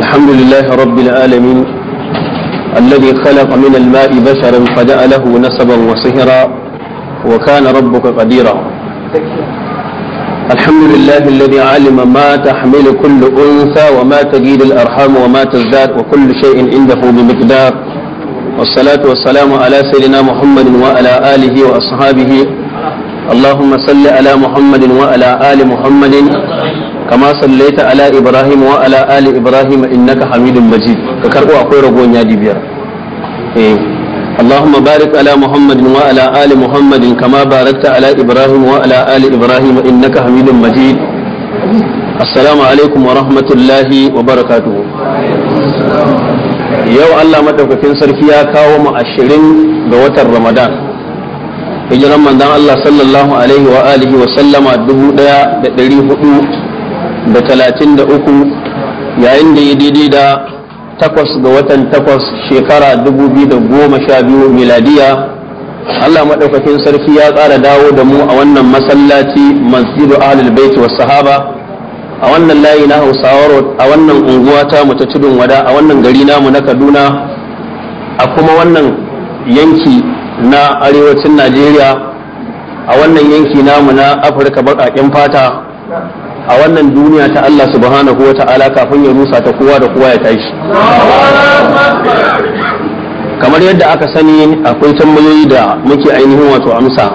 الحمد لله رب العالمين الذي خلق من الماء بشرا فجعله نسبا وصهرا وكان ربك قديرا الحمد لله الذي علم ما تحمل كل أنثى وما تجيد الأرحام وما تزداد وكل شيء عنده بمقدار والصلاة والسلام على سيدنا محمد وعلى آله وأصحابه اللهم صل على محمد وعلى آل محمد kama sallaita ala ibrahim wa ala ali ibrahim innaka hamidun majid ka karbo akwai ragon yadi biyar اللهم بارك على محمد وعلى آل محمد كما باركت على إبراهيم وعلى آل إبراهيم إنك حميد مجيد السلام عليكم ورحمة الله وبركاته yau Allah madaukakin sarki ya kawo mu ashirin ga watan Ramadan hijiran manzon Allah sallallahu alaihi wa alihi wa sallama dubu ɗaya da ɗari hudu da talatin da uku yayin da ya daidai da takwas ga watan takwas shekara dubu biyu da goma sha biyu miladiya Allah maɗaukakin sarki ya tsara dawo da mu a wannan masallaci masjidu ahlul bait wa sahaba a wannan layi na hausawa a wannan unguwa ta mu ta tudun wada a wannan gari namu na kaduna a kuma wannan yanki na arewacin najeriya a wannan yanki namu na afirka baƙaƙen fata a wannan duniya ta Allah subhanahu wa ta'ala kafin ya rusa ta kowa da kowa ya tashi kamar yadda aka sani akwai tambayoyi da muke ainihin wato amsa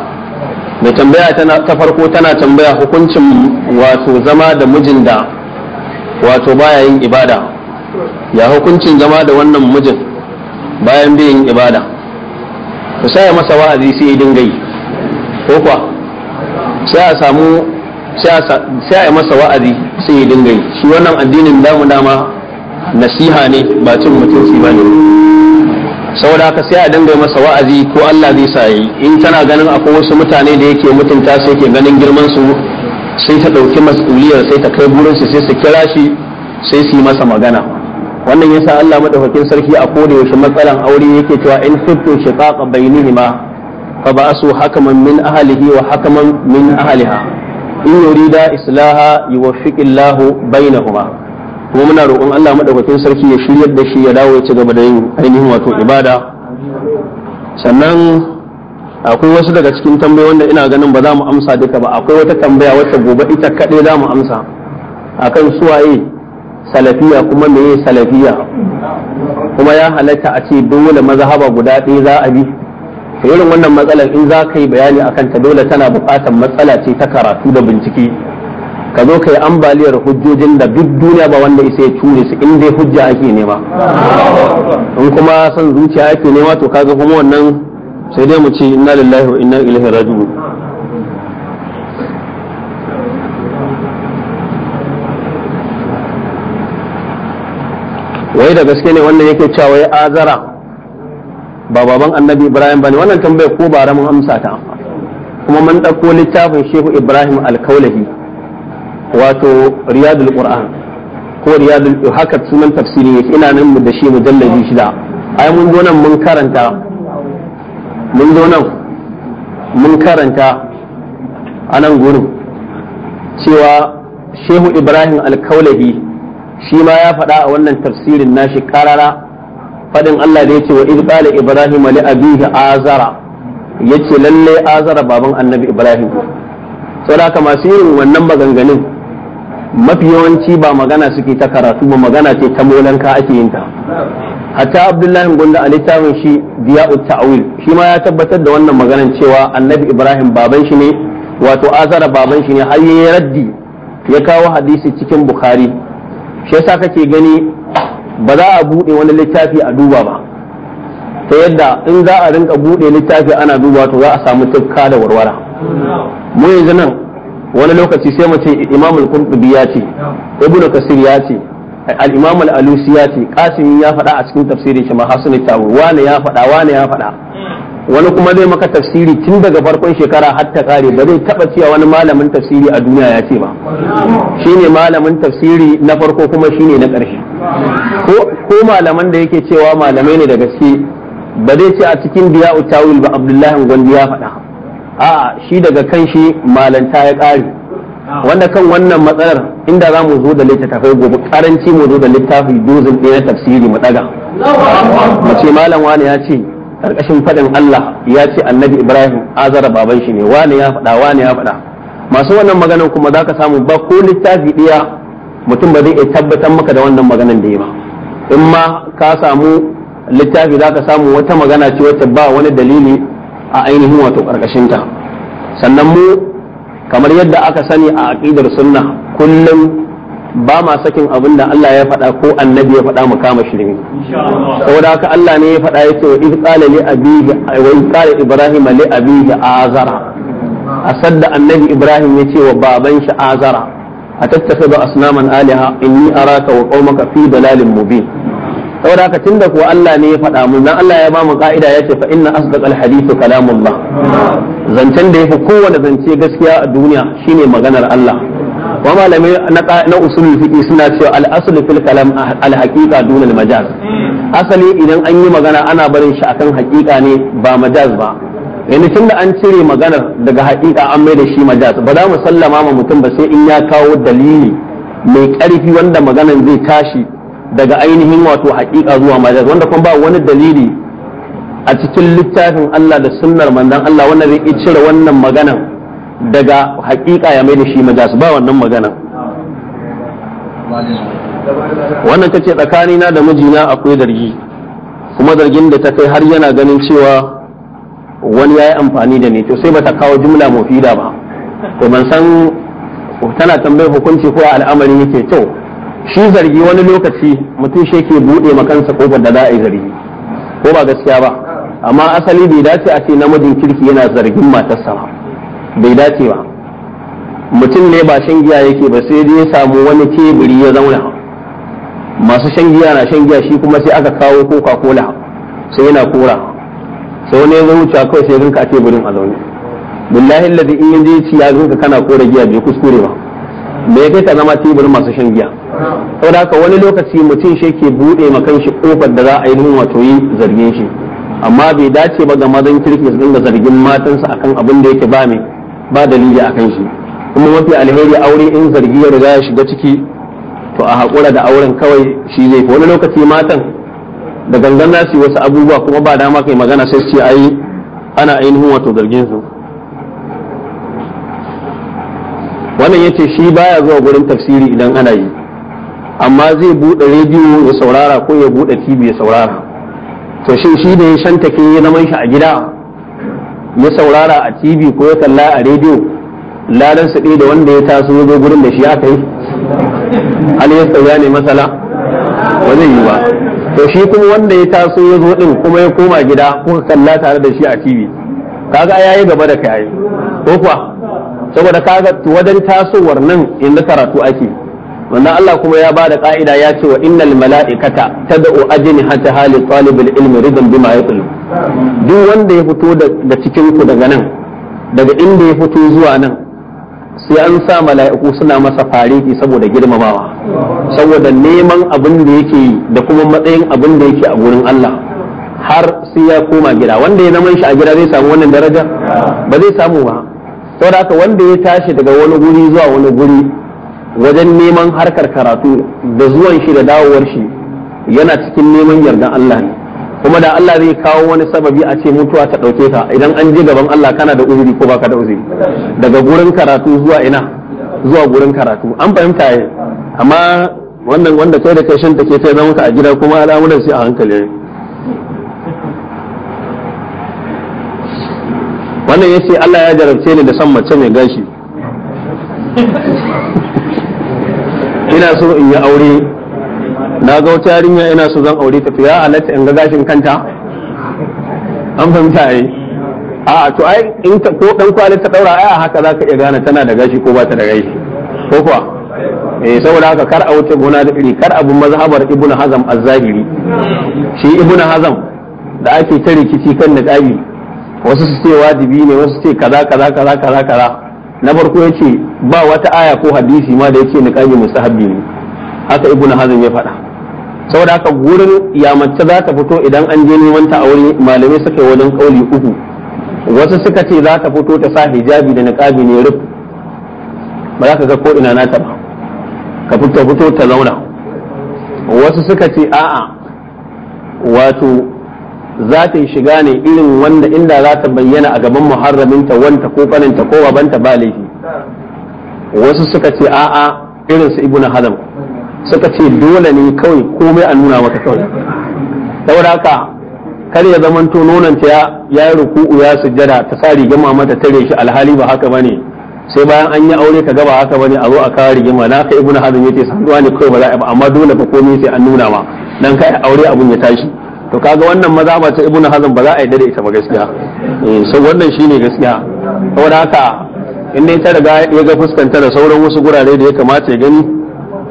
mai tambaya ta farko tana tambaya hukuncin wato zama da mijin da wato baya yin ibada ya hukuncin zama da wannan mijin bayan yin ibada ku saya masa wa'azi sai ya dinga yi ko kuwa sai a samu sai a masa wa'azi sai ya dinga yi shi wannan addinin damu dama nasiha ne ba cin mutunci ba ne saboda haka sai a dinga masa wa'azi ko Allah zai sa yi in tana ganin akwai wasu mutane da yake mutunta su yake ganin girman su sai ta ɗauki mas'uliyar sai ta kai burin su sai su kira shi sai su yi masa magana wannan yasa Allah madaukakin sarki a koda yaushe matsalan aure yake cewa in khiftu shiqaqa bainihima fa ba'asu hakaman min ahlihi wa hakaman min ahliha in yurida islaha yuwaffiqillahu bainahuma kuma muna roƙon Allah madaukakin sarki ya shiryar da shi ya dawo ya ci gaba da yin ainihin wato ibada sannan akwai wasu daga cikin tambayoyi wanda ina ganin ba za mu amsa duka ba akwai wata tambaya wacce gobe ita kaɗai za mu amsa akan suwaye salafiya kuma meye salafiya kuma ya halatta a ce dole mazhaba guda ɗaya za a bi to irin wannan matsalar in za ka yi bayani a kanta dole tana buƙatar matsala ce ta karatu da bincike ka zo ka yi ambaliyar hujjojin da duk duniya ba wanda isa ya ture su in dai hujja ake nema in kuma son zuciya ake nema to kaga kuma wannan sai dai mu ce inna lillahi wa inna ilaihi raji'un wai da gaske ne wannan yake cewa wai azara ba baban annabi ibrahim bane wannan tambayar ko bara mun amsa ta kuma mun ɗauko littafin shehu ibrahim alkaulahi wato riyadul qur'an ko riyadul haka sunan tafsiri yake ina nan mu da shi mujallabi shida ai mun zo nan mun karanta mun zo nan mun karanta a nan gurin cewa shehu ibrahim alkaulahi shi ma ya faɗa a wannan tafsirin nashi karara fadin Allah da ce wa id ibrahim li abihi azara ce lalle azara baban annabi ibrahim da haka masu yin wannan maganganun mafi yawanci ba magana suke ta karatu ba magana ce ta molanka ake yinta. ta hatta abdullahi gunda a littafin shi biya ta'wil shi ma ya tabbatar da wannan maganan cewa annabi ibrahim baban shi ne wato azara baban shi ne har ya raddi ya kawo hadisi cikin bukhari shi yasa kake gani ba za a buɗe wani littafi a duba ba ta yadda in za a rinka buɗe littafi ana duba to za a samu tukka da warwara mu yanzu nan wani lokaci sai mace ce imam al-qurtubi ya ce ibnu kasir ya ce al-imam al-alusi ya ce qasimi ya faɗa a cikin tafsirin shi ma hasan wani ya faɗa wani ya faɗa wani kuma zai maka tafsiri tun daga farkon shekara har ta kare ba zai taba cewa wani malamin tafsiri a duniya ya ce ba shine malamin tafsiri na farko kuma shine na ƙarshe ko malaman da yake cewa malamai ne da gaske ba zai ce a cikin biya utawil ba abdullahi gwandi ya faɗa a shi daga kan shi malanta ya ƙare wanda kan wannan matsalar inda za mu zo da littattafai gobe karanci mu zo da littafi dozin ɗaya na tafsiri mu ɗaga mace malam wani ya ce karkashin faɗin Allah ya ce annabi Ibrahim azara baban shi ne wani ya faɗa wani ya faɗa masu wannan maganar kuma za ka samu ba ko littafi ɗaya mutum ba zai iya tabbatar maka da wannan maganan da ya ba in ma ka samu littafi za ka samu wata magana ce wacce ba wani dalili a ainihin wato ƙarƙashinta sannan mu kamar yadda aka sani a aƙidar sunna kullum ba ma sakin abin da Allah ya faɗa ko annabi ya faɗa mu kama ne. saboda haka Allah ne ya faɗa ya ce wa idh qala li abihi ibrahim azara asad da annabi ibrahim ya ce wa baban shi azara atattakhidhu asnaman Aliha, inni araka wa qaumaka fi dalalin mubin saboda haka tunda kuwa Allah ne ya faɗa mu dan Allah ya ba mu ka'ida ya ce fa inna asdaqal hadithu kalamullah zancen da yafi kowane zance gaskiya a duniya shine maganar Allah wa na usulul fiqi suna cewa al aslu fil kalam majaz hmm. asali idan an yi magana ana barin shi akan haqiqa ne ba majaz ba yanzu tun da an cire maganar daga haƙiƙa an mai da shi majaz ba za mu sallama mutum ba sai in ya kawo dalili mai ƙarfi wanda maganar zai tashi daga ainihin wato haƙiƙa zuwa majaz wanda kuma ba wani dalili a cikin littafin Allah da sunnar manzon Allah wannan zai cire wannan maganar daga hakika ya mai da shi su ba wannan magana wannan ta ce tsakanina da mijina akwai zargi kuma zargin da ta kai har yana ganin cewa wani ya yi amfani da ni to sai ta kawo jumla fida ba to ban san tana tambayar hukunci ko al'amari yake kyau shi zargi wani lokaci mutum shi yake buɗe makansa kofar da za a yi zargi ko ba gaskiya ba amma asali bai dace a ce namijin kirki yana zargin matarsa ba bai dace ba mutum ne ba shan giya yake ba sai dai ya samu wani teburi ya zauna masu shan giya na shan giya shi kuma sai aka kawo coca cola sai yana kora sai wani ya wuce kawai sai rinka a teburin a zaune billahi alladhi in yaje ci ya rinka kana kora giya bai kuskure ba me kai ta zama teburin masu shan giya saboda haka wani lokaci mutum shi ke bude ma kanshi kofar da za a yi wato yi zargin shi amma bai dace ba ga mazan kirki su dinga zargin matansa akan abin da yake ba mai ba dalili a kan shi kuma mafi alheri aure in zargi ya riga ya shiga ciki to a haƙura da auren kawai shi zai wani lokaci matan da gangan nasi wasu abubuwa kuma ba dama kai magana sai ce ai ana ainihin wato zargin su wannan ya ce shi baya zuwa gurin tafsiri idan ana yi amma zai buɗe rediyo ya saurara ko ya buɗe tv ya saurara to shi shi da ya shantake ya zaman shi a gida ya saurara a tv ko ya kalla a rediyo ladan su da wanda ya taso ya zo gurin da shi aka yi aliyasta ya ne masala ba zai yi ba to shi kuma wanda ya taso ya zo din kuma ya koma gida kuka kalla tare da shi a tv kaga ya yi gaba da kai ko kuwa saboda kaga wajen tasowar nan inda karatu ake wannan Allah kuma ya bada ka'ida ya ce wa innal mala'ikata tad'u ajni hatta hali talibul ilmi ridan bima yatlub duk wanda ya fito da cikin ku daga nan daga inda ya fito zuwa nan sai an sa mala'iku suna masa fariki saboda girmamawa saboda neman abin da yake da kuma matsayin abin da yake a gurin Allah har sai ya koma gida wanda ya zaman shi a gida zai samu wannan daraja ba zai samu ba saboda haka wanda ya tashi daga wani guri zuwa wani guri wajen neman harkar karatu da zuwan shi da dawowar shi yana cikin neman yardan Allah ne kuma da Allah zai kawo wani sababi a ce mutuwa ta ɗauke ka idan an je gaban Allah kana da uzuri ko baka da uzuri daga gurin karatu zuwa ina zuwa gurin karatu an fahimta yi amma wannan wanda kai da kai shan take kai zama ka a gida kuma al'amuran sai a hankali wannan yace Allah ya jarabce ni da san mace mai gashi ina so in yi aure na ga wata yarinya ina so zan aure ta to ya halatta in ga gashin kanta an fahimta ai a to ai in ka ko dan kwali ta daura ai haka za ka iya gane tana da gashi ko ba ta da gashi ko kuwa eh saboda haka kar a wuce gona da iri kar abun mazhabar ibn hazam az-zahiri shi ibn hazam da ake ta rikici kan niqabi wasu su ce wajibi ne wasu su ce kaza kaza kaza kaza kaza na farko ya ce ba wata aya ko hadisi ma da ya ce yake niqabi habbi ne haka ibn hazm ya faɗa saboda haka gurin ya mace za ta fito idan an je neman ta aure malamai suka yi wajen kauli uku wasu suka ce za ta fito ta sa hijabi da niqabi ne ruf ba za ka ga ko ina nata ba ka fito fito ta zauna wasu suka ce a'a wato za ta yi shiga ne irin wanda inda za ta bayyana a gaban muharraminta wanta ko kaninta ko babanta ba laifi wasu suka ce a'a irin su ibnu hazm suka ce dole ne kawai komai a nuna maka kawai saboda haka kar ya zama to ta ya yi ruku'u ya sujjada ta sa rigima mata tare shi alhali ba haka bane sai bayan an yi aure ka ga ba haka bane a zo a kawo rigima na ka ibnu hazm yace sanuwa ne kawai ba za a ba amma dole ka komai sai an nuna ma dan kai aure abun ya tashi to kaga wannan maza ba ta ibnu hazm ba za a yi da ita ba gaskiya eh, so wannan shine gaskiya saboda haka in dai ta riga ya ga fuskanta da sauran wasu gurare da ya kamata ya gani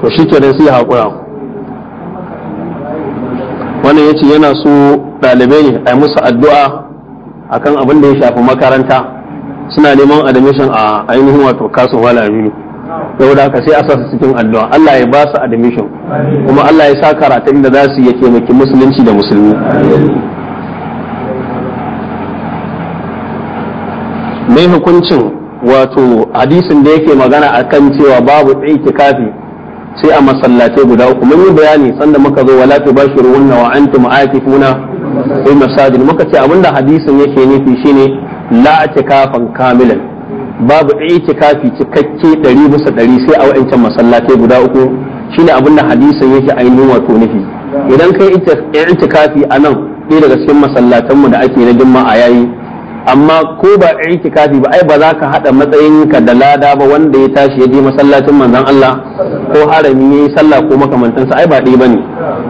to shikenan sai hakura wannan yace yana so ɗalibai ne Ai musu addu'a akan abin da ya shafi makaranta suna neman admission a ainihin wato kasu wala aminu saboda haka sai a sa cikin addu'a Allah ya ba su admission kuma Allah ya sa karatun da za su yi taimaki musulunci da musulmi mai hukuncin wato hadisin da yake magana a kan cewa babu kafi, sai a masallatai guda uku mun yi bayani sanda muka zo wala tubashiruna wa antum aakifuna fil masajid muka ce abinda hadisin yake nufi shine la'atikafan kamilan babu itikafi cikakke ɗari bisa ɗari sai a wa'ancan masallatai guda uku shine abin da hadisin yake ainihin wato nufi idan kai itikafi a nan ɗaya daga cikin masallatanmu da ake na a yayi amma ko ba itikafi ba ai ba za ka haɗa matsayinka da lada ba wanda ya tashi ya je masallacin manzon Allah ko harami yi sallah ko makamantansa ai ba ɗaya bane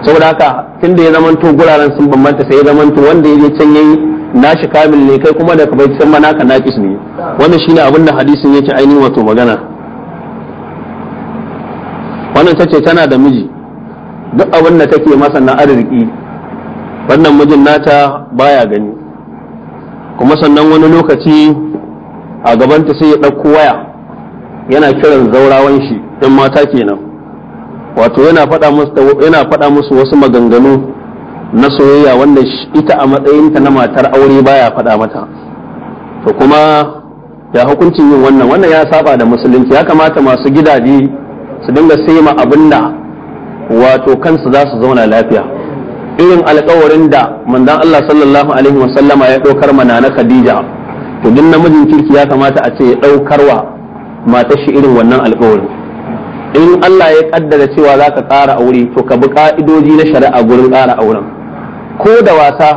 saboda haka tunda ya zamanto guraren sun bambanta sai ya zamanto wanda ya je can yayi nashi kamil ne kai kuma da bai san mana ka naqis ne wannan shine abin da hadisin yake ainihin wato magana wannan tace tana da miji duk abin da take masa na arziki wannan mijin nata baya gani kuma sannan wani lokaci a gabanta sai ya ɗauko waya yana kiran zaurawan shi ɗin mata kenan wato yana faɗa musu wasu maganganu na soyayya wanda ita a matsayinta na matar aure baya faɗa mata to kuma ya hukuncin yin wannan wannan ya saba da musulunci ya kamata masu gidaje su dinga sai ma abin wato kansu za su zauna lafiya irin alkawarin da manzon Allah sallallahu alaihi wasallama ya ɗaukar mana na Khadija to duk namijin kirki ya kamata a ce ya ɗaukarwa matar shi irin wannan alkawarin in Allah ya kaddara cewa za ka ƙara aure to ka bi ka'idoji na shari'a gurin ƙara auren ko da wasa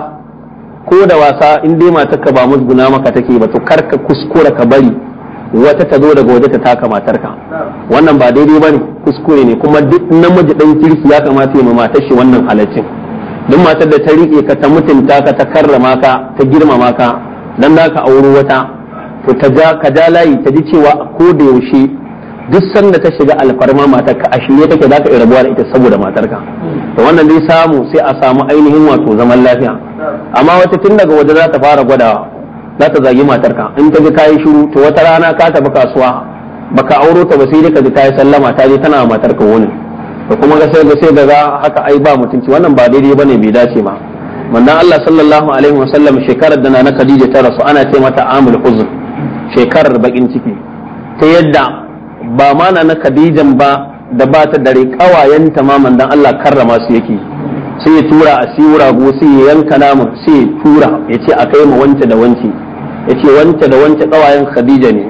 ko da wasa in dai matar ka ba musguna maka take ba to kar ka kuskura ka bari wata ta zo daga waje ta taka matar ka wannan ba daidai bane kuskure ne kuma duk namiji dan kirki ya kamata ya ma matar shi wannan halaccin duk matar da ta rike ka ta mutunta ka ta karrama ka ta girmama ka dan da ka auri wata to ta ja ka ja layi ta ji cewa ko da yaushe duk sanda ta shiga alfarma matarka a ne take zaka irabuwa rabuwa da ita saboda matarka to wannan dai samu sai a samu ainihin wato zaman lafiya amma wata tun daga waje za ta fara gwadawa za ta zagi matarka in ta ji kayi shiru to wata rana ka tafi kasuwa baka auro ta ba sai dai ka ji kayi sallama ta je tana matarka wani to kuma ga sai ga sai daga haka ai ba mutunci wannan ba daidai bane bai dace ba manzon Allah sallallahu alaihi wasallam shekarar da na Khadija ta rasu ana ce mata amul huzn shekarar bakin ciki ta yadda ba mana na khadijan ba da ba ta dare kawayenta ma mandan Allah karrama su yake sai ya tura a siwura go sai ya yanka namu sai ya tura ya ce a kai ma wance da wance ya ce wance da wance kawayen khadija ne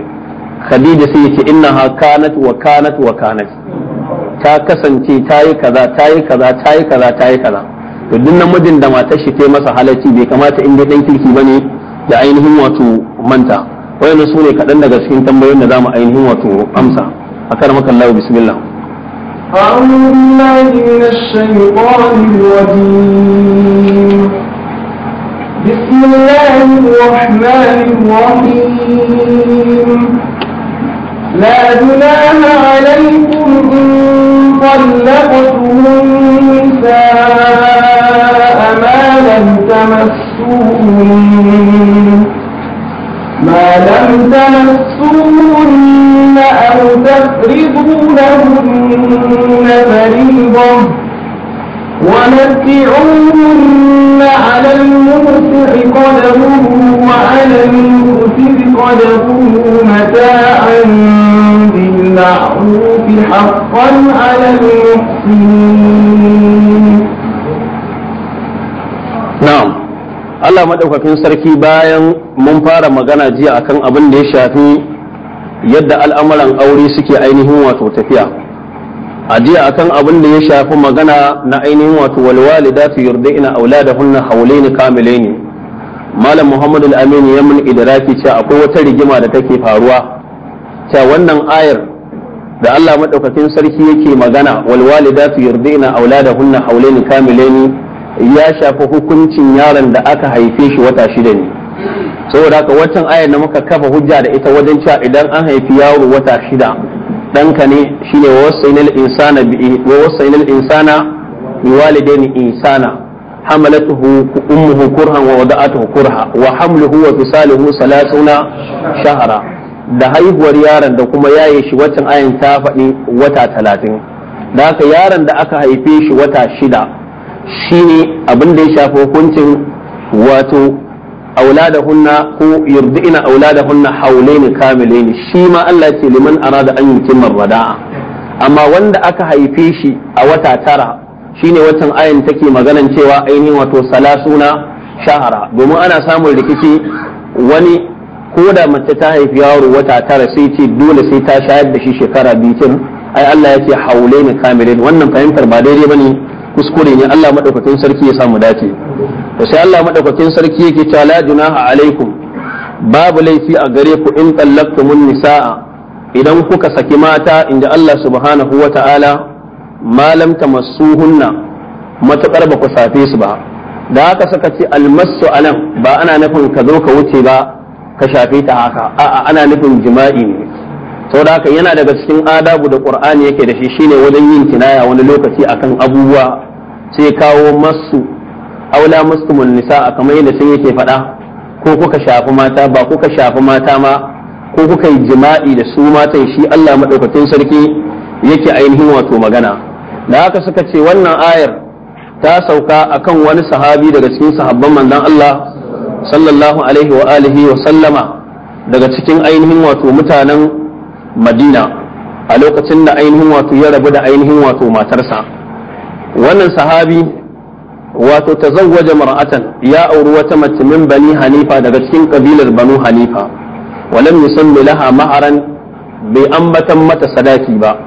khadija sai ya ce inna ha kanat wa kanat wa kanat ta kasance ta yi kaza ta yi kaza ta yi kaza ta kaza to duk namijin da matar shi ta masa halacci bai kamata in dai dan kirki bane da ainihin wato manta wayannan su ne kaɗan daga cikin tambayoyin da zamu ainihin wato amsa a kan Allah bismillah بسم الله الرحمن الرحيم لا جناح عليكم إن طلقتم النساء ما لم تمسوهن ما لم تمسوهن أو تفرضوا لهن فريضة ومتعوهن على المرسع قدره وعلى المرسل قدره متاعا بالمعروف حقا على المحسنين نعم Allah madaukakin sarki bayan mun fara magana jiya akan abin da ya shafi yadda al'amuran aure suke ainihin wato tafiya a jiya akan abin da ya shafi magana na ainihin wato ina aula da walwalidatu yurdina auladahunna hawlaini ni. malam Muhammad al-Amin ya mun idraki cewa akwai wata rigima da take faruwa cewa wannan ayar da Allah madaukakin sarki yake magana ina aula da walwalidatu yurdina auladahunna hawlaini ni? ya shafi hukuncin yaron da aka haife shi wata shida ne saboda haka watan ayar da muka kafa hujja da ita wajen cewa idan an haifi yaro wata shida ɗanka ne shine wa insana bi wa wasainal insana bi walidaini insana hamalatuhu ummuhu kurhan wa wada'atuhu kurha wa hamluhu wa fisaluhu salasuna shahara da haihuwar yaron da kuma yaye shi watan ayan ta faɗi wata talatin da haka yaron da aka haife shi wata shida shine abin da ya shafi hukuncin wato aulada hunna ko yurdina auladahunna haulaini kamilaini shi ma Allah ce liman arada an yutimma rada'a amma wanda aka haife shi a wata tara shine watan ayin take maganan cewa ainihin wato salasuna shahara domin ana samun rikici wani ko da mace ta haifi yaro wata tara sai ce dole sai ta shayar da shi shekara biyu ai Allah ya ce haulaini kamilaini wannan fahimtar ba daidai bane kuskure ne Allah madaukakin sarki ya samu dace to sai Allah madaukakin sarki yake cewa la junaha alaikum babu laifi a gare ku in tallaqtumun nisaa idan kuka saki mata inda Allah subhanahu wata'ala malam tamassuhunna matakar ba ku safe su ba da haka saka ce almasu anan ba ana nufin ka zo ka wuce ba ka shafe ta haka a'a ana nufin jima'i ne Sau da haka yana daga cikin adabu da qur'ani yake da shi shine wajen yin kinaya wani lokaci akan abubuwa sai kawo masu aula mustumun nisa a kamar yadda sun yake faɗa ko kuka shafi mata ba kuka shafi mata ma ko kuka yi jima'i da su matan shi Allah madaukakin sarki yake ainihin wato magana da haka suka ce wannan ayar ta sauka akan wani sahabi daga cikin sahabban manzon Allah sallallahu alaihi wa alihi wa sallama daga cikin ainihin wato mutanen madina a lokacin da ainihin wato ya rabu da ainihin wato matarsa wannan sahabi wato ta tazawwaja mar'atan ya auri wata mace min bani hanifa daga cikin kabilar banu hanifa walam yusammi laha maharan bai ambatan mata sadaki ba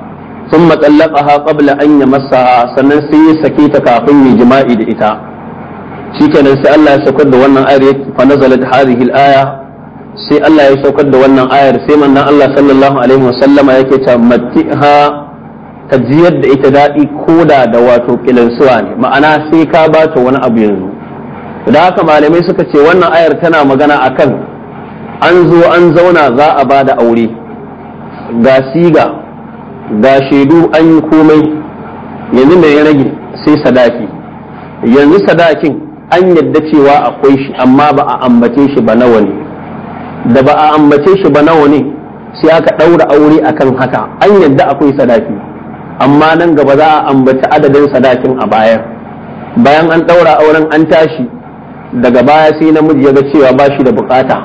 Sun matsallaka ha قبل أن يمسها sannan sai ya sake ta kafin ya jima'i da ita shikenan sai Allah ya saukar da wannan ayar fa nazalat hadhihi al-aya sai Allah ya saukar da wannan ayar sai manna Allah sallallahu alaihi sallama yake ta matiha ta jiyar da ita daɗi koda da wato kilansuwa ne ma'ana sai ka ba ta wani abu yanzu da haka malamai suka ce wannan ayar tana magana akan an zo an zauna za a ba da aure ga siga ga shaidu an yi komai yanzu mai rage sai sadaki yanzu sadakin an yadda cewa akwai shi amma ba a ambace shi ba nawa ne da ba a ambace shi ba nawa ne sai aka ɗaura aure akan haka an yadda akwai sadaki amma nan gaba za a ambaci adadin sadakin a baya bayan an ɗaura auren an tashi daga baya sai namiji ya ga cewa ba shi da bukata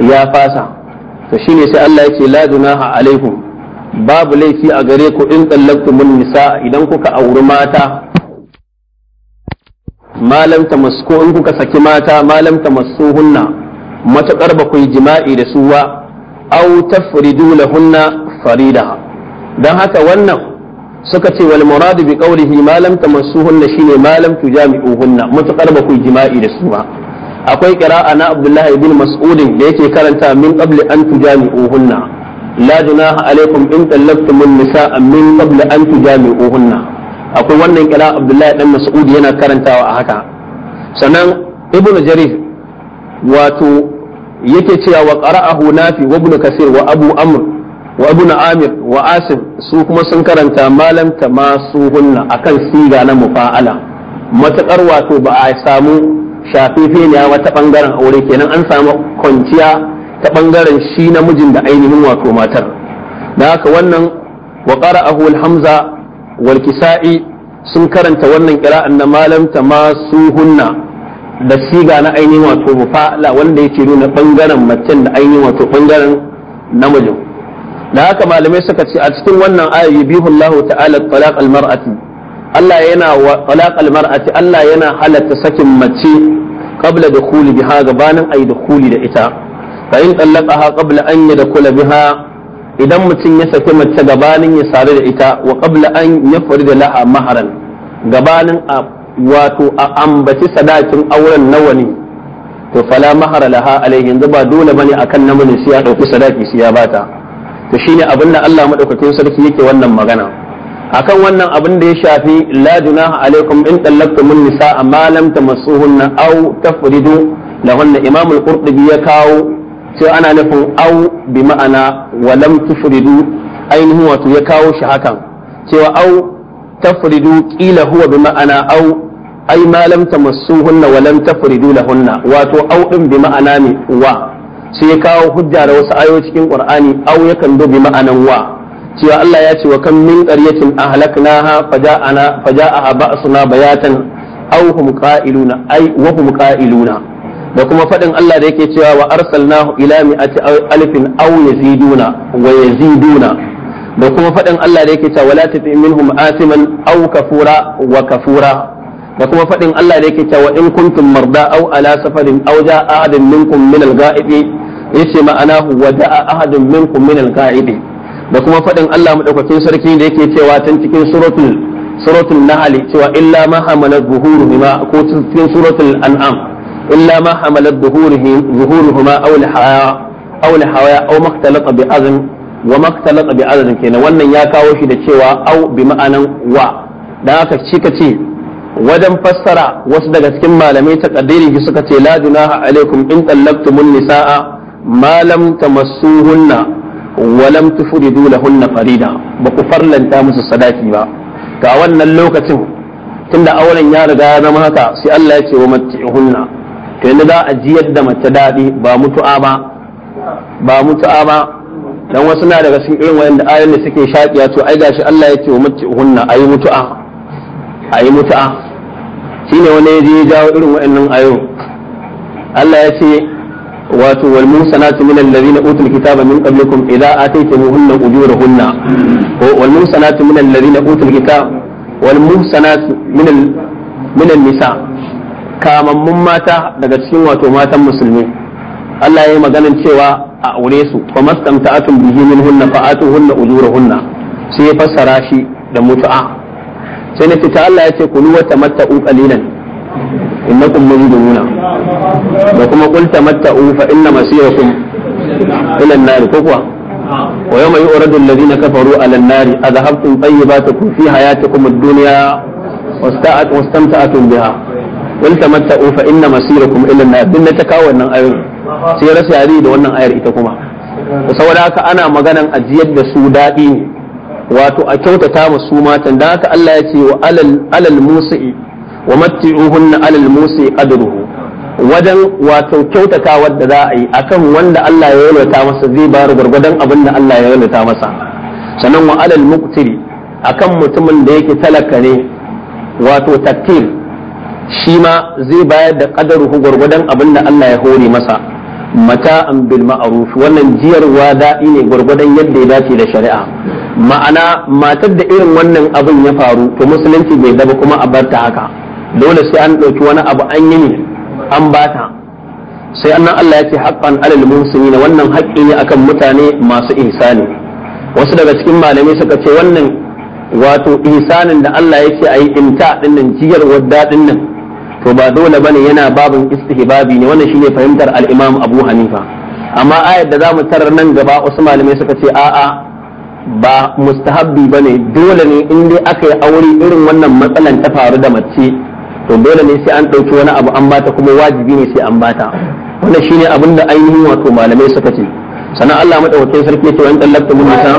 ya fasa to shine sai Allah yake la junaha alaikum babu laifi a gare ku in mun nisa idan kuka auri mata malam tamasku in kuka saki mata malam tamassuhunna matakar ba ku yi jima'i da suwa au tafridu lahunna farida dan haka wannan suka ce wal muradu bi qawlihi ma lam tamassuhunna shine ma lam tujami'uhunna matakar ba ku yi jima'i da suwa. akwai qira'a na Abdullahi ibn Mas'ud da yake karanta min qabli an tujami'uhunna لا جناح عليكم إن طلقتم النساء من قبل أن تجامعوهن akwai wannan kira Abdullahi dan Mas'ud yana karantawa a haka sannan Ibn Jarir wato yake cewa wa qara'ahu nafi wa ibn kasir wa abu amr wa ibn amir wa asim su kuma sun karanta malam tamasuhunna akan siga na mufa'ala matakar wato ba a samu shafifeniya wata bangaren aure kenan an samu kwanciya ta bangaren shi namijin da ainihin wato matar da haka wannan wa qara'ahu alhamza hamza wal kisa'i sun karanta wannan qira'an na malam tamasuhunna da siga na ainihin wato mufa'ala wanda yake nuna bangaren macen da ainihin wato bangaren namijin da haka malamai suka ce a cikin wannan ayoyi bihu Allah ta'ala talaq al-mar'ati Allah yana wa talaq al-mar'ati Allah yana halatta sakin mace qabla dukhuli biha gabanin ay dukhuli da ita fa in talaqaha qabla an yadkhula biha idan mutum ya saki mace gabanin ya sare da ita wa qabla an yafrida laha maharan gabanin a wato a ambaci sadakin auren nawa ne to fala mahara laha alaihi yanzu ba dole bane akan namiji sai ya dauki sadaki sai ya bata to shine abin da Allah madaukakin sarki yake wannan magana akan wannan abin da ya shafi la junaha alaikum in min nisaa ma lam tamassuhunna aw tafridu lahunna imam al-qurtubi ya kawo sai ana nufin aw bi ma'ana wa lam tufridu ainihin wato ya kawo shi hakan cewa aw tafridu qila huwa bi ma'ana ai malamta masu hunna wa lam tafridu lahunna wato au ɗin bi ma'ana ne wa sai kawo hujja da wasu ayoyi cikin ƙur'ani au yakan bi ma'anan wa cewa Allah ya ce wa kan min qaryatin ahlaknaha faja'ana faja'a ba'suna bayatan aw hum qa'iluna ai da kuma faɗin Allah da yake cewa wa arsalnahu ila mi'ati alfin aw yaziduna wa yaziduna da kuma faɗin Allah da yake cewa wala tafi minhum asiman aw kafura wa kafura da kuma faɗin Allah da yake cewa in kuntum marda aw ala safarin aw jaa ahadun minkum min al-ghaibi yace ma'anahu wa da'a ahadun minkum min al-ghaibi da kuma faɗin Allah madaukakin sarki da yake cewa tun cikin suratul suratul nahl cewa illa ma hamalat zuhuruhuma ko cikin suratul an'am illa ma hamalat zuhuruhuma aw al-haya aw al-haya aw maktalata bi azm wa maktalata bi adadin kenan wannan ya kawo shi da cewa au bi ma'anan wa dan aka cika ce wajen fassara wasu daga cikin malamai ta kaddiri suka ce la junaha alaikum in tallaqtumun nisaa ma lam tamassuhunna wa lam tufridu lahunna farida ba ku farlanta musu sadaki ba ga wannan lokacin tunda auren ya riga ya zama haka sai Allah ya ce wa matihunna to yanzu za a jiyar da mace daɗi ba mutu'a ba ba mutu'a ba dan wasu na daga cikin irin da ayoyin da suke shakiya to ai gashi Allah yake wa mutu hunna ayi mutu'a ayi mutu'a shine wani yaje ya jawo irin wayannan ayo Allah ya ce wato wal musanatu min alladhina utul kitaba min qablikum idza ataytumuhunna ujurahunna wal musanatu min alladhina utul kitaba wal musanatu min minan nisa kamammun mata daga cikin wato matan musulmi Allah ya yi maganin cewa a aure su fa mastamta'atun bihi minhunna fa atuhunna ujurahunna sai ya fassara shi da mutu'a sai na fita Allah ya ce kulu wa tamatta'u qalilan innakum majnununa da kuma qul tamatta'u fa inna masirakum ila an-nar ko kuwa wa yawma yu'radu alladhina kafaru ala an-nar adhahabtum tayyibatukum fi hayatikum ad-dunya fa بها قل تمتعوا فإن مسيركم إلى النار دلنا تكاوى أن sai ya rasa yare da wannan ayar ita kuma saboda haka ana maganan ajiyar da su daɗi ne wato a kyautata ma su matan da haka Allah ya ce wa alal musi wa matti'uhunna alal musi qadruhu wajen wato kyautata wadda za a yi akan wanda Allah ya yalwata masa zai ba gwargwadon abin da Allah ya yalwata masa sannan wa alal muqtiri akan mutumin da yake talaka ne wato taktir shi ma zai bayar da qadaruhu gwargwadon abin da Allah ya hori masa mata an bil ma'ruf wannan jiyarwa daɗi ne gwargwadon yadda ya dace da shari'a ma'ana matar da irin wannan abin ya faru to musulunci bai daba kuma a barta haka dole sai an ɗauki wani abu an yi an bata sai annan Allah ya ce haqqan alal na wannan haƙƙi ne akan mutane masu ihsani wasu daga cikin malamai suka ce wannan wato ihsanin da Allah ya ce ayi imta dinnan nan jiyar nan to ba dole bane yana babin istihbabi ne wannan shine fahimtar al-Imam Abu Hanifa amma ayar da zamu tarar nan gaba wasu malamai suka ce a'a ba mustahabbi bane dole ne in dai aka yi aure irin wannan matsalan ta faru da mace to dole ne sai an ɗauki wani abu an bata kuma wajibi ne sai an bata wannan shine abin da ainihin wato malamai suka ce sannan Allah madaukakin sarki ya ce wani tallafta mun nisa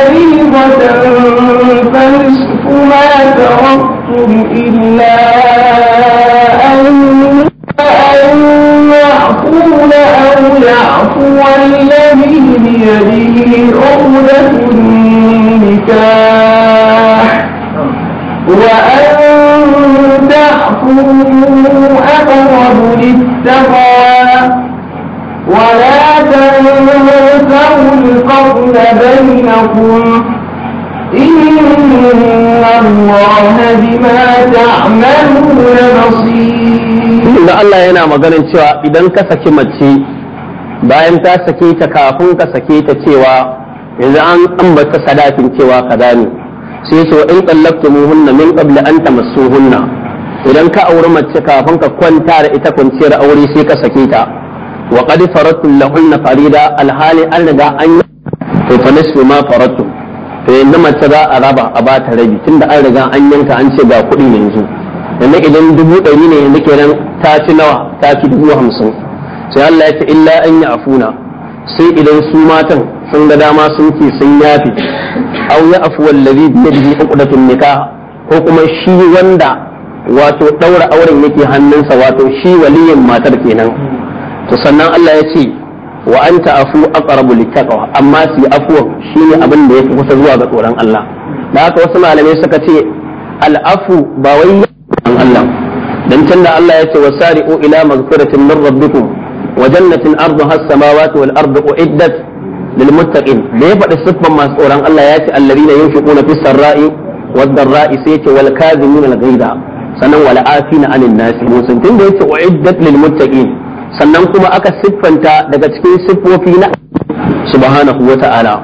maganin cewa idan ka saki mace bayan ta sake ta kafin ka sake ta cewa yanzu an ambata sadakin cewa kaza ne sai ce wa in tsallaktumuhunna min qabl an tamassuhunna idan ka auri mace kafin ka kwanta da ita kwanciyar aure sai ka sake ta wa qad farattum lahunna farida alhali an riga an to fa nisfu ma farattum to yanzu mace za a raba a ba ta rabi tunda an riga an yanka an ce ga kuɗi yanzu yanzu idan dubu ɗari ne yanzu kenan ta ci nawa Taki dubu hamsin sai Allah ya ce illa an yi afuna sai idan su matan sun ga dama sun ce sun yafi au ya afu wallazi bi yadihi uqdatun nikah ko kuma shi wanda wato daura auren yake hannunsa wato shi waliyin matar kenan to sannan Allah ya ce wa anta afu aqrabu littaqwa amma su afuwan shine abin da yake kusa zuwa ga tsoron Allah da haka wasu malamai suka ce al'afu ba wai tunda Allah ya ce wasari'u ila maghfiratin min rabbikum wa jannatin arduha as-samawati wal ardu uiddat lil muttaqin da ya faɗi siffan masu tsoron Allah ya ce alladhina yunfiquna fis sarra'i wad dharra'i sai ce wal al sannan wal afina 'anil nasi musun tunda yace uiddat lil muttaqin sannan kuma aka siffanta daga cikin siffofi na subhanahu wa ta'ala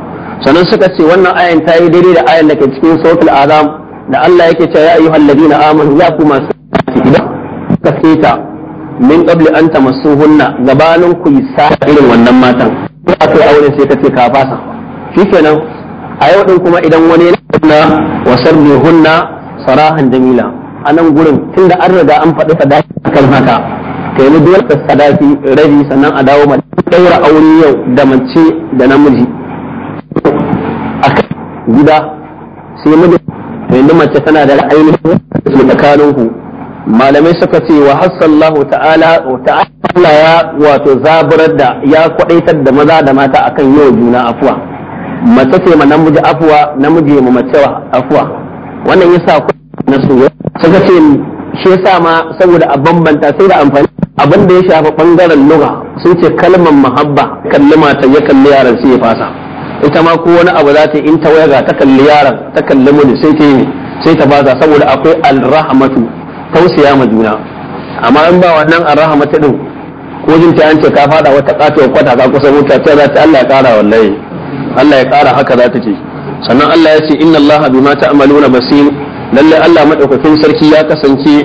sannan suka ce wannan ayan ta yi daidai da ayan da ke cikin sautul azam da Allah yake cewa ya ayyuhal ladina amanu ya ku masu idan sake ta min qabli an hunna gabanin ku yi sa irin wannan matan ko akai aure sai ka ce ka fasa kenan, a yau din kuma idan wani na wasar bi hunna sarahan jamila a nan gurin tunda an riga an faɗi sadaki akan haka ka yi dole ka sadaki rabi sannan a dawo mai daura aure yau da mace da namiji a gida sai mu da mace tana da ra'ayin su tsakaninku malamai suka ce wa hassallahu ta'ala ta'ala ya wato zaburar da ya kwadaitar da maza da mata akan yau juna afuwa mace ce ma namiji afuwa namiji ma mace afuwa wannan yasa na su suka ce shi yasa ma saboda a bambanta sai da amfani abin da ya shafa bangaren lugha sun ce kalmar mahabba kalli mata ya kalli yaran sai ya fasa ita ma ko wani abu za ta in ta wayaga ta kalli yaran ta kalli muni sai ta sai ta baza saboda akwai alrahmatu tausaya ma juna amma in ba wannan an rahama ta din ko jin ta yance ka fada wata katuwar kwata ka kusa wuta ta za ta Allah ya kara wallahi Allah ya kara haka za ta ce sannan Allah ya ce inna Allah bima ta'maluna basir lalle Allah madaukakin sarki ya kasance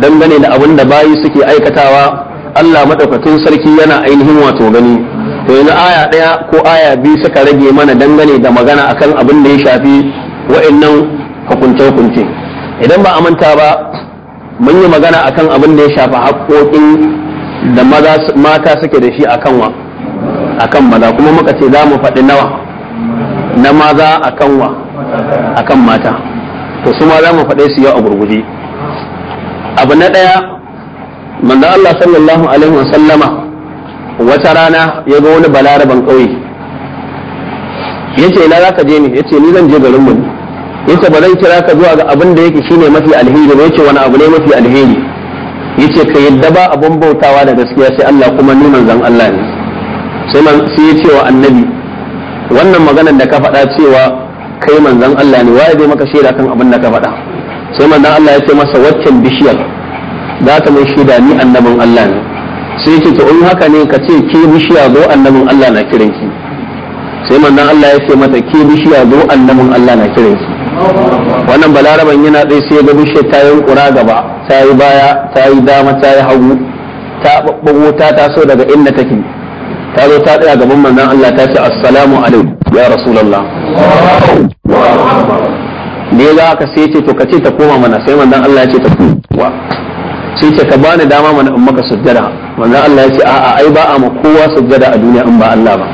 dangane da abin da bayi suke aikatawa Allah madaukakin sarki yana ainihin wato gani to yanzu aya daya ko aya biyu suka rage mana dangane da magana akan abin da ya shafi wa'annan hukunce hukunce idan ba a manta ba mun yi magana akan abin da ya shafi haƙoƙin da mata suke da shi akan wa akan maza kuma muka ce za mu faɗi nawa na maza akan wa akan mata to su ma za mu faɗe su yau a gurguje abu na ɗaya manzo Allah sallallahu alaihi wa sallama wata rana ya ga wani balaraban ƙauye yace ina zaka je ni yace ni zan je garin mu ne yace ba zai kira ka zuwa ga abin da yake shine mafi alheri ba yace wani abu ne mafi alheri yace ka yadda ba abun bautawa da gaskiya sai Allah kuma ni manzon Allah ne sai man sai yace wa annabi wannan maganar da ka faɗa cewa kai manzon Allah ne waye zai maka shaida kan abin da ka faɗa sai manzon Allah yace masa waccan bishiyar za ta mai shaida ni annabin Allah ne sai yace to in haka ne ka ce ke bishiya zo annabin Allah na kiranki sai manzon Allah ya ce mata ke bishiya zo annabin Allah na kiran ki wannan balaraban yana tsaye sai ga bishiya ta yi kura gaba ta yi baya ta yi dama ta yi hagu ta babbago ta taso daga inda take ta zo ta tsaya gaban manzon Allah ta ce assalamu alaikum ya rasulullah ne za ka sai ce to ka ce ta koma mana sai manzon Allah ya ce ta koma sai ce ka bani dama mana in maka sujjada manzon Allah ya ce a'a ai ba a ma kowa sujjada a duniya in ba Allah ba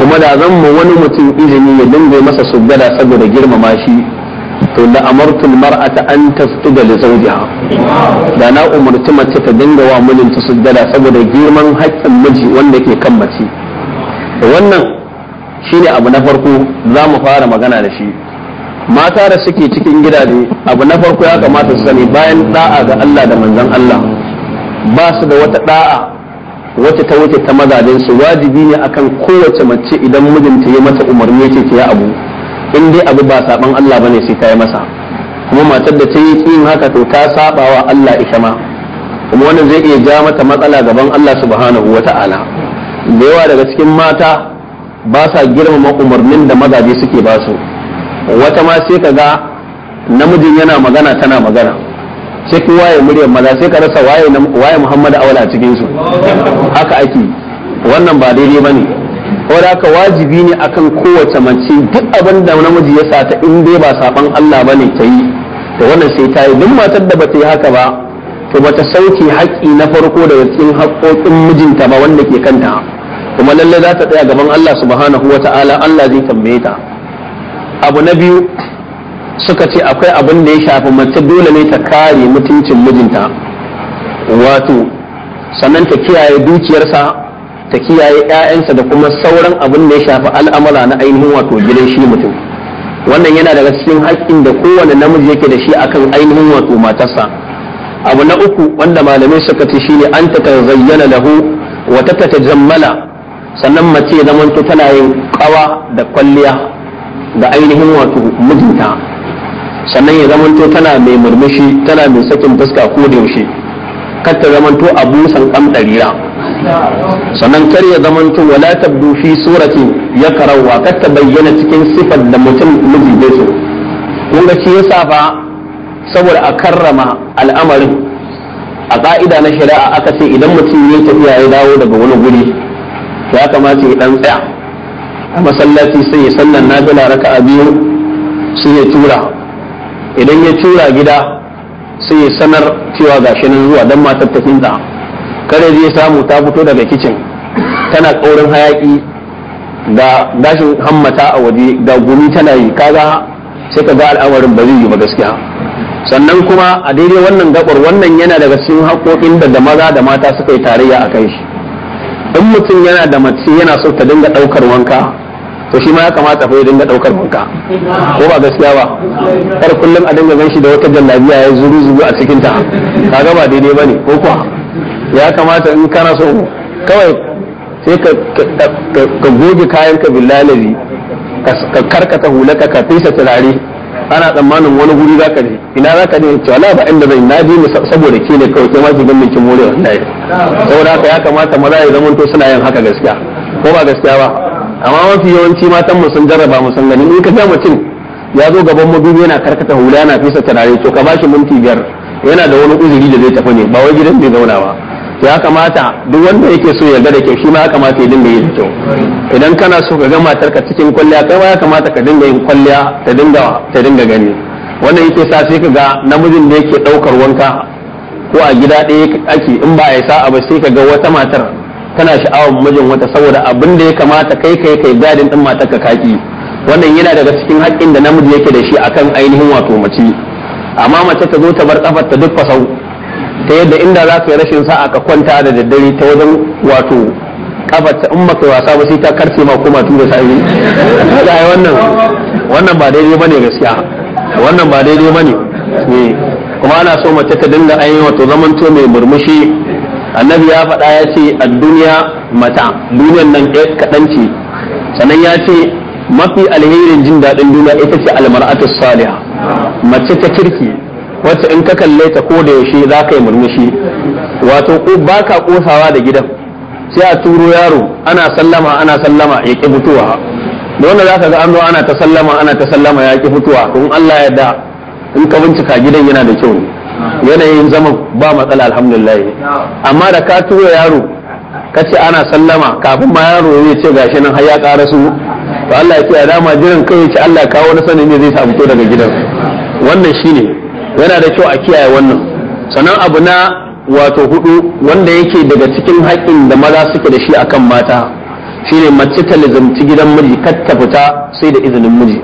kuma da zan mu wani mutum izini ya dinga masa sujjada saboda girmama shi to la amartul mar'ata an tasjuda li zawjiha da na umarci mace ta dinga wa ta sujjada saboda girman haƙƙin miji wanda ke kan mace wannan shine abu na farko za mu fara magana da shi mata da suke cikin gidaje abu na farko ya kamata su sani bayan da'a ga Allah da manzon Allah ba su da wata da'a wacce ta wuce ta mazajen su wajibi ne akan kowace mace idan mijinta ya mata umarni yake ta yi abu in dai abu ba saban Allah bane sai ta yi masa kuma matar da ta yi yin haka to ta saba wa Allah ita ma kuma wannan zai iya ja mata matsala gaban Allah subhanahu wata'ala da yawa daga cikin mata ba sa girmama umarnin da mazaje suke ba su wata ma sai ka ga namijin yana magana tana magana sai kowa waye muryar maza sai ka rasa waye waye Muhammad awala a cikin su haka ake wannan ba daidai bane ko da haka wajibi ne akan kowace mace duk abin da namiji ya sata, in dai ba saban Allah bane ta yi to wannan sai ta yi duk matar da bata yi haka ba to ba bata sauke haƙƙi na farko daga cikin haƙƙoƙin mijinta ba wanda ke kanta kuma lalle za ta tsaya gaban Allah subhanahu wata'ala Allah zai tambaye ta abu na biyu suka ce akwai abin da ya shafi mace dole ne ta kare mutuncin mijinta wato sannan ta kiyaye dukiyarsa ta kiyaye 'ya'yansa da kuma sauran abin da ya shafi al'amura na ainihin wato gidan shi mutum wannan yana daga cikin haƙƙin da kowane namiji yake da shi akan ainihin wato matarsa abu na uku wanda malamai suka ce shine an ta zayyana lahu wa ta tajammala sannan mace zamanto tana yin kawa da kwalliya da ainihin wato mijinta sannan ya zamanto tana mai murmushi tana mai sakin fuska ko da yaushe kar ta zamanto a busan kamdariya sannan kar ya zamanto wala tabdu fi surati ya karawa kar ta bayyana cikin sifar da mutum miji bai so kun ga shi yasa fa saboda a karrama al'amarin a ka'ida na shari'a aka ce idan mutum ya tafiya ya dawo daga wani guri ya kamata ya dan tsaya a masallaci sai ya sannan nafila raka'a biyu sai ya tura idan ya tura gida sai ya sanar cewa gashi nan zuwa don matar ta kinta kare zai samu ta fito daga kicin tana ƙaurin hayaki ga gashin hammata a waje ga gumi tana yi kaga sai ka ga al'amarin ba zai yi ba gaskiya sannan kuma a daidai wannan gabar wannan yana daga cikin haƙoƙin da da maza da mata suka yi tarayya a kai shi in mutum yana da mace yana so ta dinga ɗaukar wanka to shi ma ya kamata fa ya dinga daukar wanka ko ba gaskiya ba kar kullum a dinga ganshi da wata jallabiya ya zuru zuru a cikin ta kaga ba daidai bane ko kuwa ya kamata in kana so kawai sai ka goge kayan ka billalazi ka karkata hulaka ka fisa turare ana tsammanin wani guri za ka je ina za ka je ce wala ba inda zai naji mu saboda ke ne kawai ke ma ki gamin ki more wallahi saboda haka ya kamata maza ya zamanto suna yin haka gaskiya ko ba gaskiya ba amma mafi yawanci matan mu sun jarraba mu sun gani in ka ga mutum ya zo gaban madubi yana karkata hula yana fesa turare to ka bashi minti biyar yana da wani uzuri da zai tafi ne ba wai gidan bai zauna ba ya kamata duk wanda yake so yarda da kyau shi ma ya kamata ya dinga yin kyau idan kana so ka ga matarka cikin kwalliya kai ma ya kamata ka dinga yin kwalliya ta dinga ta dinga gani wannan yake sa sai ka ga namijin da yake daukar wanka ko a gida ɗaya ake in ba a yi a ba sai ka ga wata matar kana sha'awar mijin wata saboda abin da ya kamata kai kai kai gadin din ka kaki wannan yana daga cikin haƙƙin da namiji yake da shi akan ainihin wato mace amma mace ta zo ta bar kafar ta duk fasau ta yadda inda za ka yi rashin sa'a ka kwanta da daddare ta wajen wato kafar ta in baka wasa ba sai ta karce ma kuma tura sai dai wannan wannan ba daidai bane gaskiya wannan ba daidai bane eh, kuma ana so mace ta dinga ainihin wato to mai murmushi annabi ya faɗa ya ce a duniya mata duniyan nan kaɗan ce sannan ya ce mafi alherin jin daɗin duniya ita ce almar'atu saliha mace ta kirki wacce in ka kalle ta ko da yaushe za ka yi murmushi wato ko ba ka ƙosawa da gidan sai a turo yaro ana sallama ana sallama ya ƙi fitowa da wanda za ka ga an ana ta sallama ana ta sallama ya ƙi fitowa in Allah ya da in ka bincika gidan yana da kyau ne yanayin zama ba matsala alhamdulillah amma da ka tura yaro ka ce ana sallama kafin ma yaro ya ce gashi nan har ya ƙara su to Allah ya ce dama jiran kai ce Allah kawo wani sanin ne zai samu to daga gidan wannan shine yana da kyau a kiyaye wannan sannan abu na wato hudu wanda yake daga cikin haƙƙin da maza suke da shi akan mata shine mace ta lizumci gidan miji kar ta fita sai da izinin miji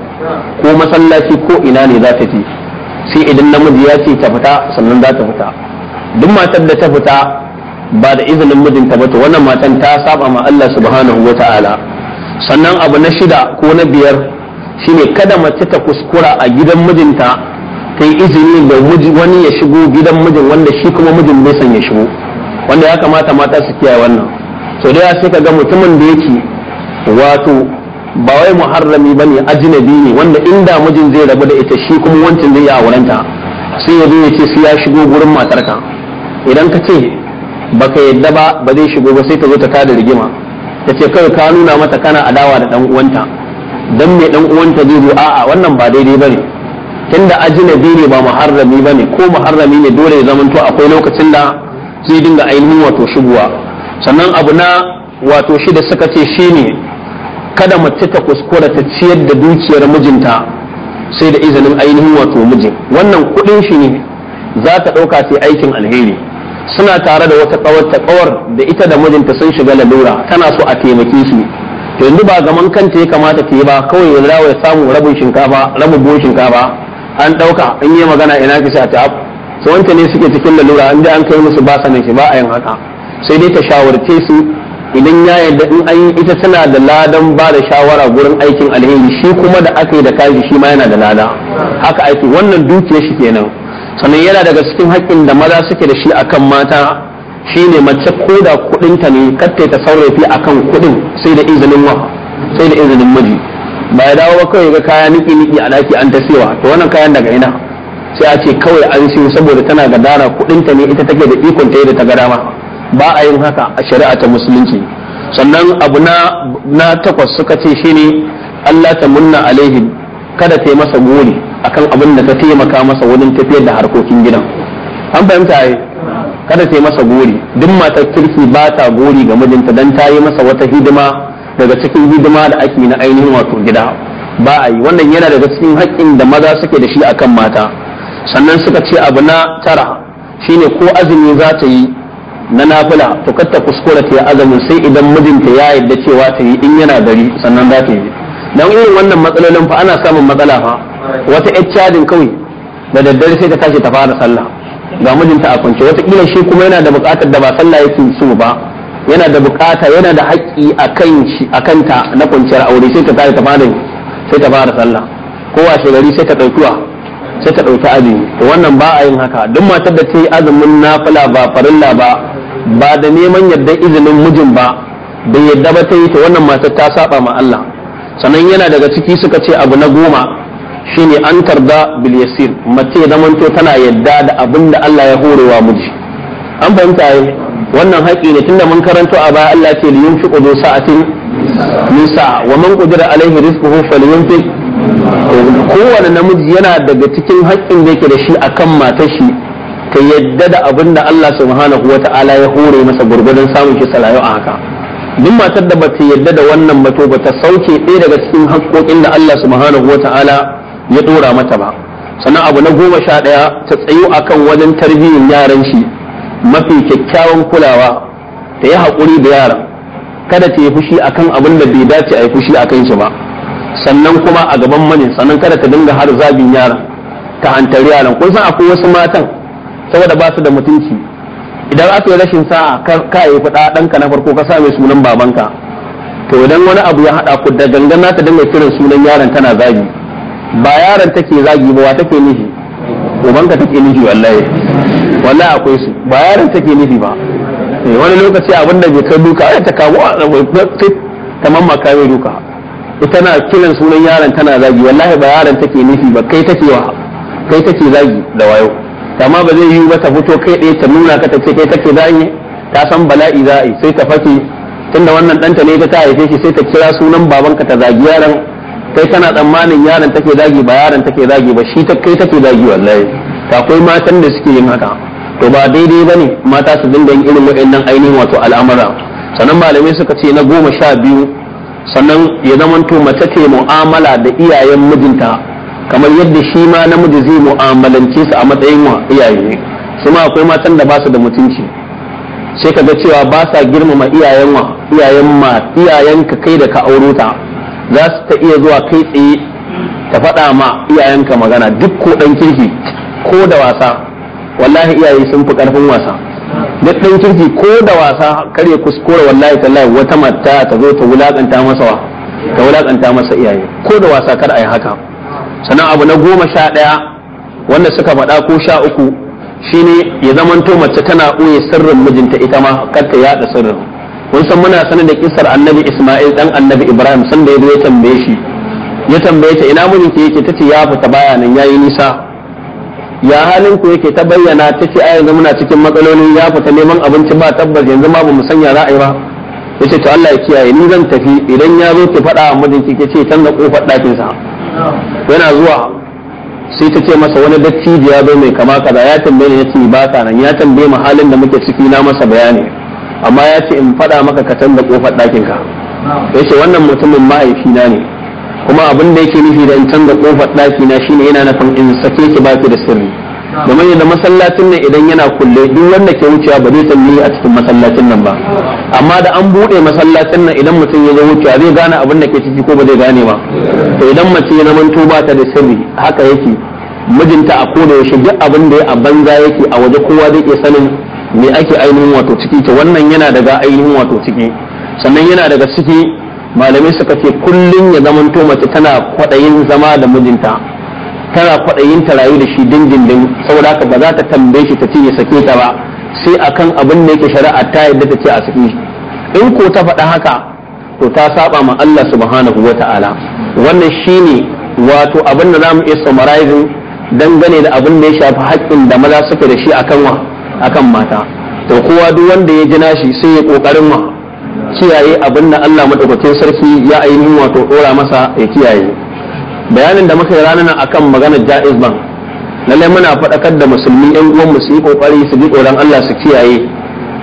ko masallaci ko ina ne za ta je. sai idan namiji ya ce ta fita sannan za ta fita duk matar da ta fita ba da izinin mijinta ba to wannan matan ta saba ma Allah subhanahu wa ta'ala sannan abu na shida ko na biyar shine kada mace ta kuskura a gidan mijinta ta yi izini da wani ya shigo gidan mijin wanda shi kuma mijin bai san ya shigo wanda ya kamata mata su kiyaye wannan so da sai ka ga mutumin da yake wato ba wai muharrami bane ajnabi ne wanda inda mijin zai rabu da ita shi kuma wancan zai yi wurinta, sai ya zo ya ce sai ya shigo gurin matarka idan ka ce baka yadda ba ba zai shigo ba sai ta zo ta kada rigima ta ce kawai ka nuna mata kana adawa da dan uwanta dan mai dan uwanta zai zo a'a wannan ba daidai bane tunda ajnabi ne ba muharrami bane ko muharrami ne dole ya zamanto akwai lokacin da zai dinga ainihin wato shigowa sannan abu na wato shi da suka ce shine kada mace ta kuskura ta ciyar da dukiyar mijinta sai da izinin ainihin wato mijin wannan kuɗin shi ne za ta ɗauka sai aikin alheri suna tare da wata ƙawar ta kawar da ita da mijinta sun shiga lalura tana so a taimake su to yanzu ba zaman kanta ya kamata ta yi ba kawai ya dawo ya samu rabin shinkafa rabin buhun shinkafa an ɗauka an yi magana ina ki ta ta sai wanta ne suke cikin lalura an an kai musu ba sanin shi ba a yin haka sai dai ta shawarce su idan ya yarda in an ita tana da ladan ba da shawara gurin aikin alheri shi kuma da aka yi da kaji shi ma yana da lada haka aiki wannan dukiyar shi kenan sannan yana daga cikin haƙƙin da maza suke da shi akan mata shine mace ko da kuɗinta ne katta ta saurafi akan kuɗin sai da izinin wa sai da izinin miji ba ya dawo ba kawai ga kaya niki niki a daki an ta sewa to wannan kayan daga ina sai a ce kawai an siyo saboda tana gadara kuɗinta ne ita take da ikon ta da ta ga dama ba a yin haka a shari'a ta musulunci sannan abu na takwas suka ce shine Allah ta munna alaihi kada ta yi masa gori akan abin da ta taimaka masa wurin tafiyar da harkokin gidan an fahimta yi kada ta yi masa gori duk matar kirki ba ta gori ga mijinta dan ta yi masa wata hidima daga cikin hidima da ake na ainihin wato gida ba a yi wannan yana daga cikin haƙƙin da maza suke da shi akan mata sannan suka ce abu na tara shine ko azumi za ta yi na nafila to katta kuskura ta azumin sai idan mijinta ya yarda cewa ta yi in yana gari sannan za ta yi dan irin wannan matsalolin fa ana samun matsala fa wata yar cajin kawai da daddare sai ta tashi ta fara sallah ga mijinta a kwance wata kila shi kuma yana da buƙatar da ba sallah yake so ba yana da buƙata yana da haƙƙi akan shi akan ta na kwanciyar aure sai ta tashi ta fara sai ta fara sallah kowa shegari sai ta ɗauki sai ta ɗauki azumi to wannan ba a yin haka duk matar da ta yi azumin nafila ba farilla ba ba da neman yadda izinin mijin ba bai yadda ba ta yi ta wannan matar ta saba ma Allah sannan yana daga ciki suka ce abu na goma shine an tarda bil mace ya zamanto tana yadda da abin da Allah ya horewa miji an fahimta yi wannan haƙi ne tunda mun karanto a baya Allah ce liyun fi qudu sa'atin nisa wa man qudira alaihi rizquhu fi kowane namiji yana daga cikin haƙƙin da yake da shi akan matar shi ka yadda da abin da Allah subhanahu wa ta'ala ya hore masa gurgurdan samun shi salayo a haka duk matar da bata yadda da wannan ba bata sauke ɗaya daga cikin haƙƙoƙin da Allah subhanahu wa ta'ala ya dora mata ba sannan abu na goma sha ɗaya ta tsayo akan wajen tarbiyyar yaran shi mafi kyakkyawan kulawa ta yi haƙuri da yaran kada ta yi fushi akan abin da bai dace a yi fushi akan shi ba sannan kuma a gaban mani sannan kada ta dinga har zabin yaran ta hantari yaran kun san akwai wasu matan saboda ba su da mutunci idan aka yi rashin sa'a ka yi fada ɗanka na farko ka sa mai sunan babanka to idan wani abu ya haɗa ku da gangan ta dinga kiran sunan yaron tana zagi ba yaron take zagi ba wa take nihi ubanka take nihi wallahi wallahi akwai su ba yaron take nihi ba eh, wani lokaci abin da bai kai duka ai ta kawo sai ta mamma kai duka ita na kiran sunan yaron tana zagi wallahi ba yaron take nihi ba kai take wa kai take zagi da wayo amma ba zai yiwu ba ta fito kai ɗaya ta nuna ka ta ce kai take za'a ta san bala'i za'a yi sai ta fake tunda wannan ɗanta ne ta haife shi sai ta kira sunan babanka ta zagi yaron kai tana tsammanin yaron take zagi ba yaron take zagi ba shi ta kai take zagi wallahi ta akwai matan da suke yin haka to ba daidai ba ne mata su dinga yin irin waɗannan ainihin wato al'amura sannan malamai suka ce na goma sha biyu sannan ya zamanto mace ce mu'amala da iyayen mijinta kamar yadda shi ma namiji zai mu'amalance su a matsayin iyaye ne su ma akwai matan da ba su da mutunci sai ka ga cewa ba sa girmama iyayen wa iyayen ma iyayen ka kai da ka auro ta za su ta iya zuwa kai tsaye ta faɗa ma iyayen ka magana duk ko ɗan kirki ko da wasa wallahi iyaye sun fi ƙarfin wasa duk ɗan kirki ko da wasa kar ya kuskura wallahi tallahi wata mata ta zo ta wulakanta masa wa ta wulakanta masa iyaye ko da wasa kar a yi haka sannan abu na goma sha ɗaya wanda suka faɗa ko sha uku shi ne ya zamanto mace tana ɓoye sirrin mijinta ita ma karta ta yaɗa sirrin kun san muna sanin da kisar annabi isma'il dan annabi ibrahim sanda ya ya tambaye shi ya tambaye ta ina mijinki yake tace ya fita baya nan yayi nisa ya halin ku yake ta bayyana ta ce a yanzu muna cikin matsalolin ya fita neman abinci ba tabbas yanzu ma bamu sanya za a yi ba ya ce to Allah ya kiyaye ni zan tafi idan ya zo ki faɗa wa mijinki ke ce canza kofar ɗakinsa. yana zuwa sai ta ce masa wani dattijiya ya zo mai kama kaza ya tambaye ni yace ba ka nan ya tambaye mu halin da muke ciki na masa bayani amma ya ce in faɗa maka ka canza kofar ɗakin ka yace wannan mutumin mahaifi na ne kuma abin da yake nufi da in canza kofar ɗaki na shine yana nufin in sake ki ba ki da sirri domin da masallacin nan idan yana kulle duk wanda ke wucewa ba zai san a cikin masallacin nan ba amma da an bude masallacin nan idan mutum ya zo wucewa zai gane abin da ke ciki ko ba zai gane ba to idan mace na manto ba ta da sirri haka yake mijinta a koda yaushe duk abin da ya a banza yake a waje kowa zai iya sanin me ake ainihin wato ciki ta wannan yana daga ainihin wato ciki sannan yana daga ciki malamai suka ce kullum ya zamanto mace tana kwaɗayin zama da mijinta tana kwaɗayin ta rayu da shi dindindin saboda haka ba za ta tambaye shi ta ce ya sake ta ba sai akan abin da yake shari'a ta yadda ta ce a saki in ko ta faɗa haka to ta saba ma Allah subhanahu wata'ala wannan shine wato abin da zamu iya summarizing dangane da abin da ya shafi haƙƙin da maza suke da shi akan wa akan mata to kowa duk wanda ya ji nashi sai ya kokarin ma kiyaye abin da Allah madaukakin sarki ya ainihin wato dora masa ya kiyaye bayanin da muka yi ranar akan maganar ja'iz ban lallai muna faɗakar da musulmi yan uwan mu su yi kokari su bi tsoron Allah su kiyaye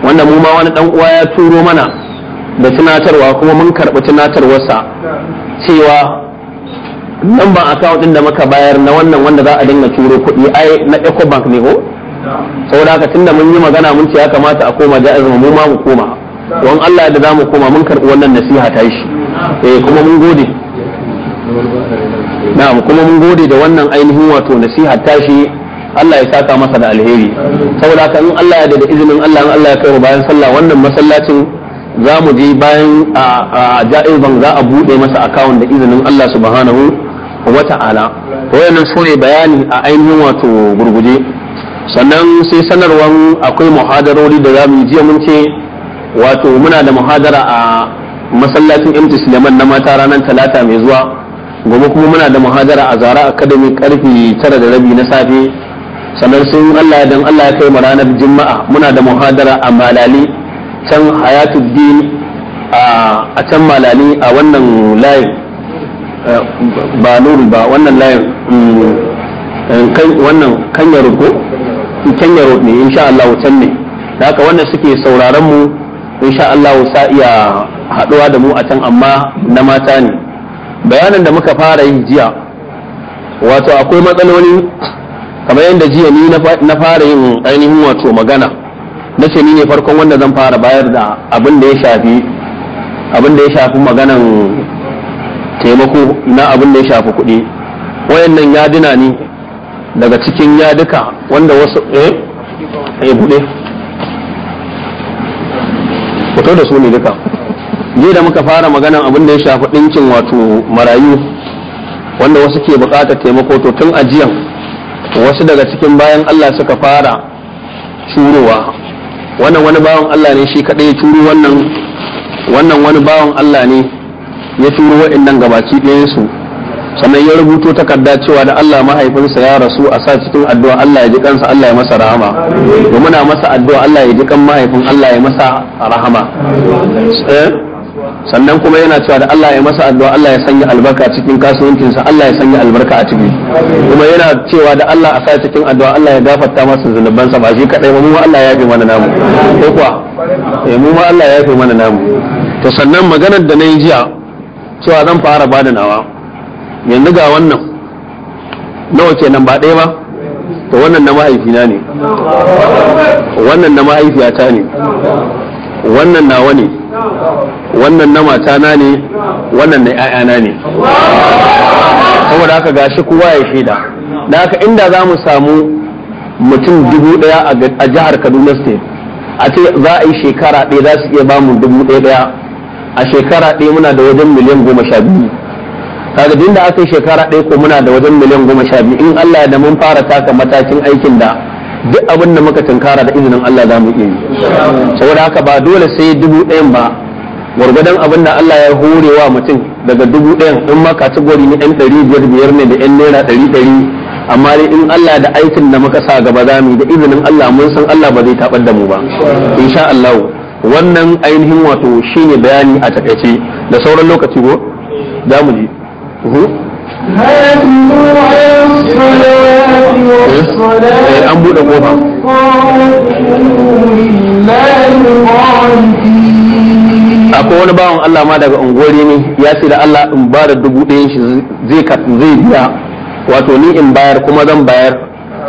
wanda mu ma wani dan uwa ya turo mana da tunatarwa kuma mun karɓi tunatarwarsa cewa nan ban account din da muka bayar na wannan wanda za a dinga turo kuɗi ai na Ecobank ne ko saboda haka tunda mun yi magana mun ce ya kamata a koma ja'iz mu ma mu koma don Allah da za mu koma mun karɓi wannan nasiha ta shi eh kuma mun gode na'am kuma mun gode da wannan ainihin wato nasiha tashi Allah ya saka masa da alheri saboda haka in Allah ya da izinin Allah in Allah ya kai bayan sallah wannan masallacin za mu je bayan a ja'iban za a bude masa akawun da izinin Allah subhanahu wa ta'ala wayannan sune bayani a ainihin wato gurguje sannan sai sanarwan akwai muhadarori da za mu yi mun ce wato muna da muhadara a masallacin MT Suleiman na mata ranar talata mai zuwa gobe kuma muna da muhadara a zara academy karfi tara da rabi na safe sannan sun Allah dan Allah ya kai mu ranar juma'a muna da muhadara a malali can hayatuddin a can malali a wannan layin ba nuru ba wannan layin mm, eh, wannan kanyar ko kanyar ne insha Allah can ne da haka wannan suke sauraron mu insha Allah sa iya haɗuwa da mu a can amma na mata ne bayanin da muka fara yin jiya wato akwai matsaloli kamar yadda jiya ni na fara yin ainihin wato magana na ce ni ne farkon wanda zan fara bayar da abin da ya shafi abin da ya shafi maganan taimako na abin da ya shafi kuɗi wayannan dina ni daga cikin ya duka wanda wasu eh eh bude fito da su ne duka jiya da muka fara maganan abin da ya shafi ɗinkin wato marayu wanda wasu ke buƙatar taimako to tun ajiyan wasu daga cikin bayan Allah suka fara curowa wannan wani bawan Allah ne shi kaɗai ya curo wannan wannan wani bawan Allah ne ya curo waɗannan gabaki ɗayansu sannan ya rubuto takarda cewa da Allah mahaifinsa ya rasu a sa cikin addu'a Allah ya ji kansa Allah ya masa rahama domin muna masa addu'a Allah ya ji kan mahaifin Allah ya masa rahama eh? sannan kuma yana cewa da Allah ya masa addu'a Allah ya sanya albarka cikin kasuwancinsa Allah ya sanya albarka a ciki kuma yana cewa da Allah a sa cikin addu'a Allah ya gafarta masa zunubansa ba shi kadai ba mu Allah ya yafe mana namu ko kuwa eh mu ma Allah ya yafe mana namu to sannan maganar da nayi jiya cewa zan fara bada nawa yanzu ga wannan nawa kenan ba ɗaya ba to wannan na mahaifina ne wannan na mahaifiyata ne wannan nawa ne wannan na matana ne wannan na ‘ya'yana ne saboda haka gashi kowa ya shaida da haka inda za mu samu mutum dubu daya a jihar kaduna state a ce za a yi shekara ɗaya za su iya ba mu dubu daya-daya a shekara ɗaya muna da wajen miliyan goma sha biyu kaga da aka yi shekara ɗaya ko muna da wajen miliyan goma sha biyu in allah da mun fara taka matakin aikin da duk abin da muka tunkara da izinin Allah za mu iya yi saboda haka ba dole sai dubu ɗayan ba gwargwadon abin da Allah ya hore wa mutum daga dubu ɗayan in ma gwari ne ɗan ɗari biyar biyar ne da ɗan naira ɗari ɗari amma dai in Allah da aikin da muka sa gaba za mu da izinin Allah mun san Allah ba zai taɓar da mu ba insha Allah wannan ainihin wato shine bayani a takaice da sauran lokaci ko za mu ji Eh, an akwai wani bawan Allah ma daga unguwar ne ya ce da Allah in ba da dubu ɗayan shi zai biya wato ni in bayar kuma zan bayar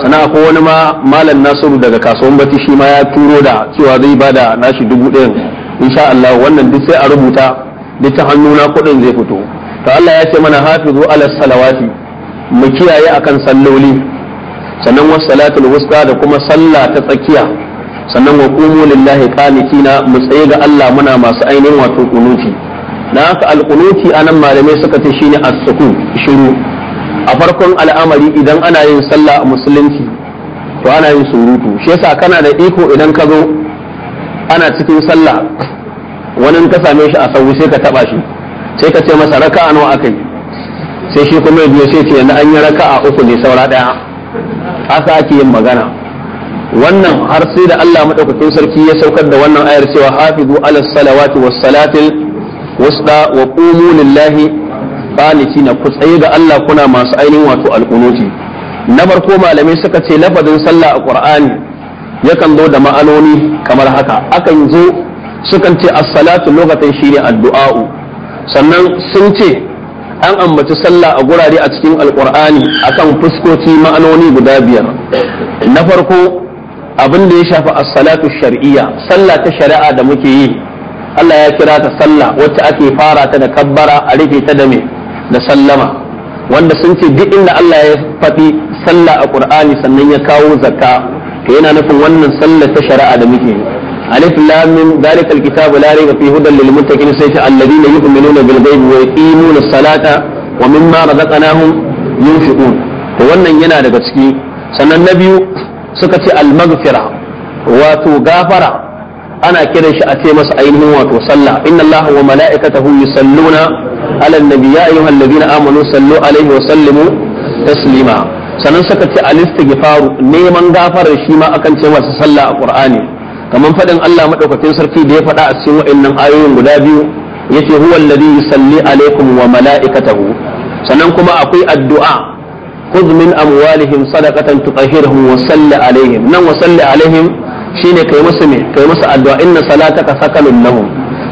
sannan akwai wani ma malam nasiru daga kasuwan bati shi ma ya turo da cewa zai ba da nashi dubu ɗayan insha Allah wannan duk sai a rubuta duk ta hannu na kuɗin zai fito to Allah ya ce mana hafizu ala salawati mu kiyaye akan salloli sannan wa salatul wusta da kuma sallah ta tsakiya sannan wa qumu lillahi qanitina mu tsaye ga Allah muna masu ainihin wato kunuti dan haka alqunuti anan malamai suka ce shine as suku shiru a farkon al'amari idan ana yin sallah a musulunci to ana yin surutu shi yasa kana da iko idan ka zo ana cikin sallah wani ka same shi a sauri sai ka taba shi sai ka ce masa raka'a nawa aka yi sai shi kuma biyo sai ce yanzu an yi raka'a uku ne saura daya haka ake yin magana wannan har sai da Allah madaukakin sarki ya saukar da wannan ayar cewa hafizu ala salawati was salatil wasda wa qumu lillahi na ku tsaye ga Allah kuna masu ainihin wato alqunuti na farko malamai suka ce lafazin sallah a qur'ani yakan zo da ma'anoni kamar haka akan zo sukan ce as-salatu lokacin shine addu'a'u sannan sun ce an ambaci sallah a gurare a cikin alkur'ani kan fuskoci ma'anoni guda biyar na farko abin da ya shafi as-salatu shar'iyya sallah ta shari'a da muke yi Allah ya kira ta sallah wacce ake fara ta da kabbara a rufe ta da me da sallama wanda sun ce duk inda Allah ya faɗi sallah a ƙur'ani sannan ya kawo zakka to yana nufin wannan sallah ta shari'a da muke yi alif lam min zalikal kitabu la rayba fi hudan lil muttaqin sai ta alladina yu'minuna bil ghaibi wa yuqimuna salata wa mimma razaqnahum yunfiqun to wannan yana daga ciki sannan na biyu suka ce al maghfira wato gafara ana kiran shi a ce masa ainihin wato sallah inna allaha wa mala'ikatahu yusalluna ala annabi ya ayyuhal ladina amanu sallu alaihi wa sallimu taslima sannan suka ce al istighfaru neman gafarar shi ma akan ce masa sallah a qur'ani كمن فدن الله متوكتين سرتي دي فدا اسيو انن ايون غدا بيو يتي هو الذي يصلي عليكم وملائكته sannan kuma akwai addu’a kuz min amwalihim sadaqatan tutahhirhum wa salli alaihim nan wa salli alaihim shine kai musu me kai musu addu’a inna salataka sakalun lahum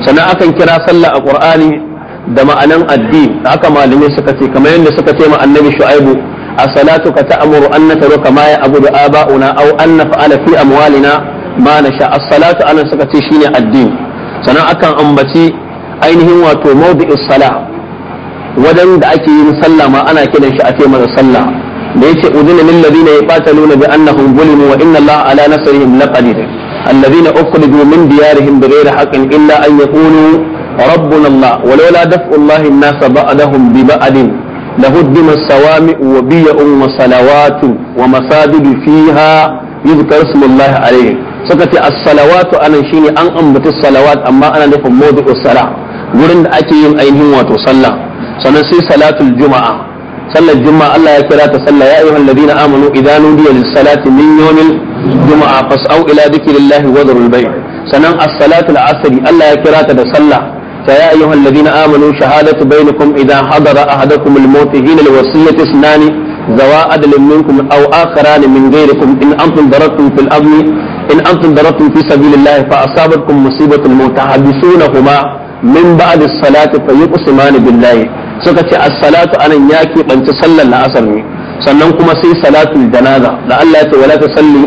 sannan akan kira salla a qur'ani da ma'anan addini da aka malume suka ce kamar yadda suka ce ma annabi shu'aibu a salatu ka ta'muru annaka ruka ma ya abudu aba'una na anna fa'ala fi amwalina ma na sha as-salatu anan suka ce shine addini sannan akan ambaci ainihin wato mawdi'us salah wajen da ake yin sallah ma ana kiran shi a ce masa sallah da yake udina lil ladina yaqataluna bi annahum zulimu wa inna allaha ala nasrihim laqadir الذين أخرجوا من ديارهم بغير حق إلا أن يقولوا ربنا الله ولولا دفع الله الناس بعدهم ببعد لهدم الصوامع وبيع وصلوات ومساجد فيها يذكر اسم الله عليه suka ce as-salawatu anan shine an ambaci salawat amma ana nufin mawdu'us sala gurin da ake yin ainihin wato sallah sannan sai salatul juma'a sallar juma'a Allah ya kira ta sallah ya ayyuhal ladina amanu idza nudiya lis-salati min yawmil juma'a fas'au ila dhikrillahi wa dharul bay' sannan as-salatul asri Allah ya kira ta da sallah ta ya ayyuhal ladina amanu shahadatu bainakum idza hadara ahadakum al-maut hina al-wasiyyati isnani ذوا عدل منكم أو آخران من غيركم إن أنتم ضربتم في الأرض in antum darabtum fi sabilillahi fa asabatkum musibatul maut tahaddisunahuma min ba'd salati fa yuqsimani billahi suka ce as-salatu anan ya banci sallar la'asar ne sannan kuma sai salatul janaza da Allah ya ce wala tusalli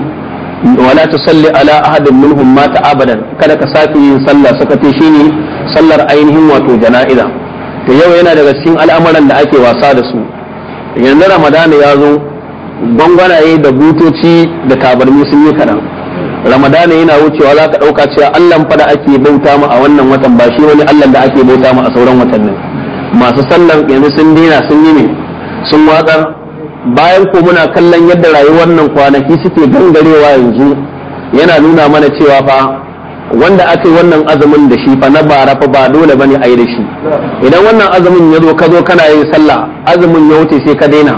wala tusalli ala ahadin minhum mata abadan kada ka sake yin sallah suka ce shine sallar ainihin wato jana'iza to yau yana daga cikin al'amuran da ake wasa da su yanzu ramadana ya zo gwangwanaye da butoci da tabarmi sun yi kaɗan ramadana yana wucewa za ka ɗauka cewa allan fada ake bauta mu a wannan watan ba shi wani allan da ake bauta mu a sauran watannin masu sallan yanzu sun dina sun yi ne sun watsar bayan ko muna kallon yadda rayuwar nan kwanaki suke gangarewa yanzu yana nuna mana cewa fa wanda aka yi wannan azumin da shi fa na bara fa ba dole bane a yi da shi idan wannan azumin ya zo ka zo kana yin sallah azumin ya wuce sai ka daina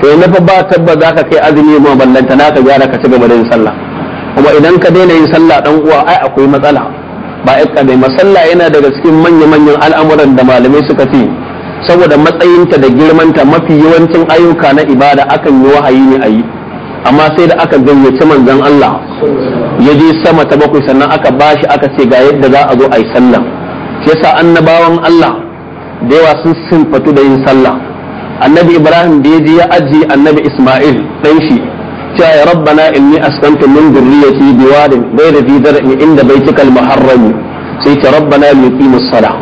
to yanzu fa ba tabba za ka kai azumi ma ballanta na gyara ka ci gaba da yin sallah kuma idan ka daina yin sallah dan uwa ai akwai matsala ba ya kame masalla yana daga cikin manya-manyan al'amuran da malamai suka ce saboda matsayinta da girmanta mafi yawancin ayyuka na ibada akan yi wahayi ne a amma sai da aka gayyaci manzon Allah ya je sama ta bakwai sannan aka bashi aka ce ga yadda za a zo a yi sallah shi yasa annabawan Allah da yawa sun simfatu da yin sallah annabi Ibrahim da ya je ya ajiye annabi Isma'il dan shi يا ربنا إني أسكنت من ذريتي بواد غير ذي درع عند بيتك المحرم سيت ربنا ليقيم الصلاة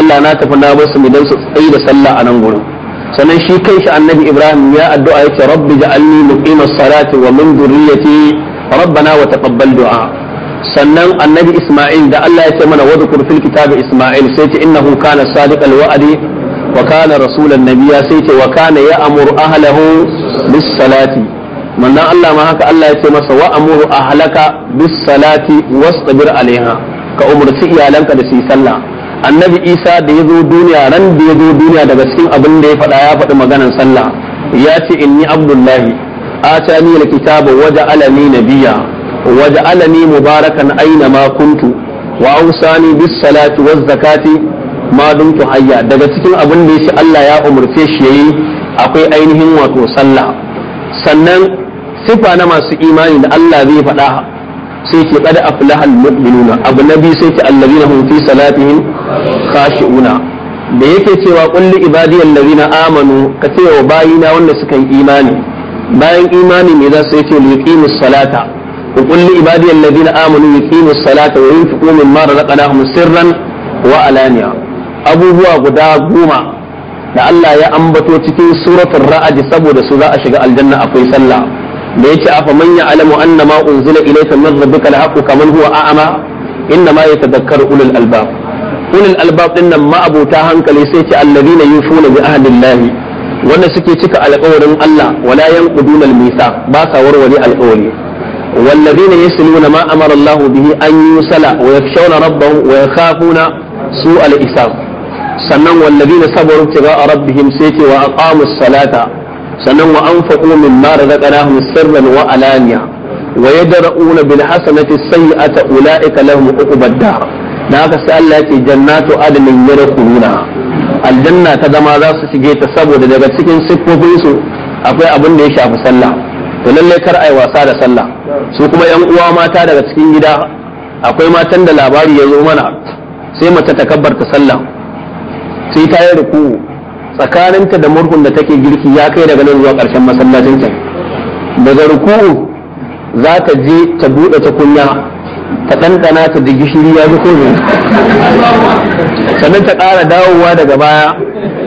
Allah na tafi na basu mu dan su tsayi da sallah a nan gurin sannan shi kanshi annabi Ibrahim ya addu'a ce rabbi ja'alni muqimas salati wa min dhurriyyati rabbana wa taqabbal du'a sannan annabi Isma'il da Allah ya ce mana wadhkur fil kitabi Isma'il sai ce innahu kana sadiqal wa'di wa kana rasulan nabiyya sai ce wa kana ya'muru ahlahu bis salati Mannan Allah ma haka Allah ya ce masa wa amuru ahlaka bis salati wastabir alaiha ka umarci iyalanka da su yi sallah annabi isa da ya zo duniya ran da ya zo duniya daga cikin abin da ya faɗa ya faɗi maganan sallah ya ce inni abdullahi atani alkitaba waje alani nabiya waje alani mubarakan aina ma kuntu wa ausani bis salati waz zakati ma dumtu hayya daga cikin abin da ya Allah ya umurce shi yayi akwai ainihin wato sallah sannan sifa na masu imani da Allah zai faɗa sai ke qad aflahal mu'minuna abu na biyu sai ke allazina hum fi salatihim khashi'una da yake cewa kulli li ibadiyal amanu ka ce wa bayina wanda suka yi imani bayan imani ne za su yace liqimus salata وقل لعبادي الذين امنوا يقيموا الصلاه وينفقوا مما sirran سرا وعلانيه abubuwa guda goma da Allah ya ambato cikin suratul ra'adi saboda su za a shiga aljanna akwai sallah da yace afa man ya'lamu anna ma unzila ta min rabbika al-haqqu kaman huwa a'ma inna ma yatadhakkaru ulul albab ulul albab din nan ma abuta hankali sai ce alladhina yufuna bi ahlillahi wanda suke cika alƙawarin Allah wala yanquduna al-misa ba sa warware alƙawari والذين يسلون ما أمر الله به أن يسلى ويخشون ربهم ويخافون سوء الإسام سنن والذين صبروا ابتغاء ربهم سيتي وأقاموا الصلاة sannan wa anfaqu mimma razaqnahum sirran wa alaniya wa yadra'una bil a ta ulaika lahum uqubad dar da haka sai Allah yake jannatu adnin yadkhuluna aljanna ta zama za su shige ta saboda daga cikin siffofinsu akwai abin da ya shafi sallah to lallai kar yi wasa da sallah su kuma yan uwa mata daga cikin gida akwai matan da labari ya zo mana sai mace ta kabbarta sallah sai ta yi ruku tsakaninta da murhun da take girki ya kai daga nan zuwa ƙarshen masallacin can daga ruku'u za ta je ta buɗe ta kunya ta ɗanɗana ta ji gishiri ya ji kurmi sannan ta ƙara dawowa daga baya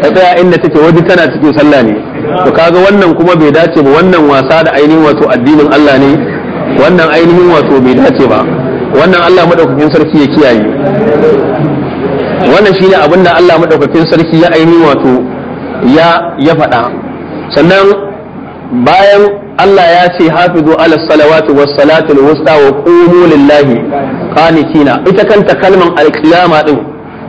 ta tsaya inda take waje tana cikin sallah ne to kaga wannan kuma bai dace ba wannan wasa da ainihin wato addinin Allah ne wannan ainihin wato bai dace ba wannan Allah madaukakin sarki ya kiyaye wannan shine abin da Allah madaukakin sarki ya ainihin wato ya ya faɗa sannan bayan Allah ya ce hafizu ala salawati was salati wusta wa qumu lillahi qanitina ita kanta kalman al-qiyama din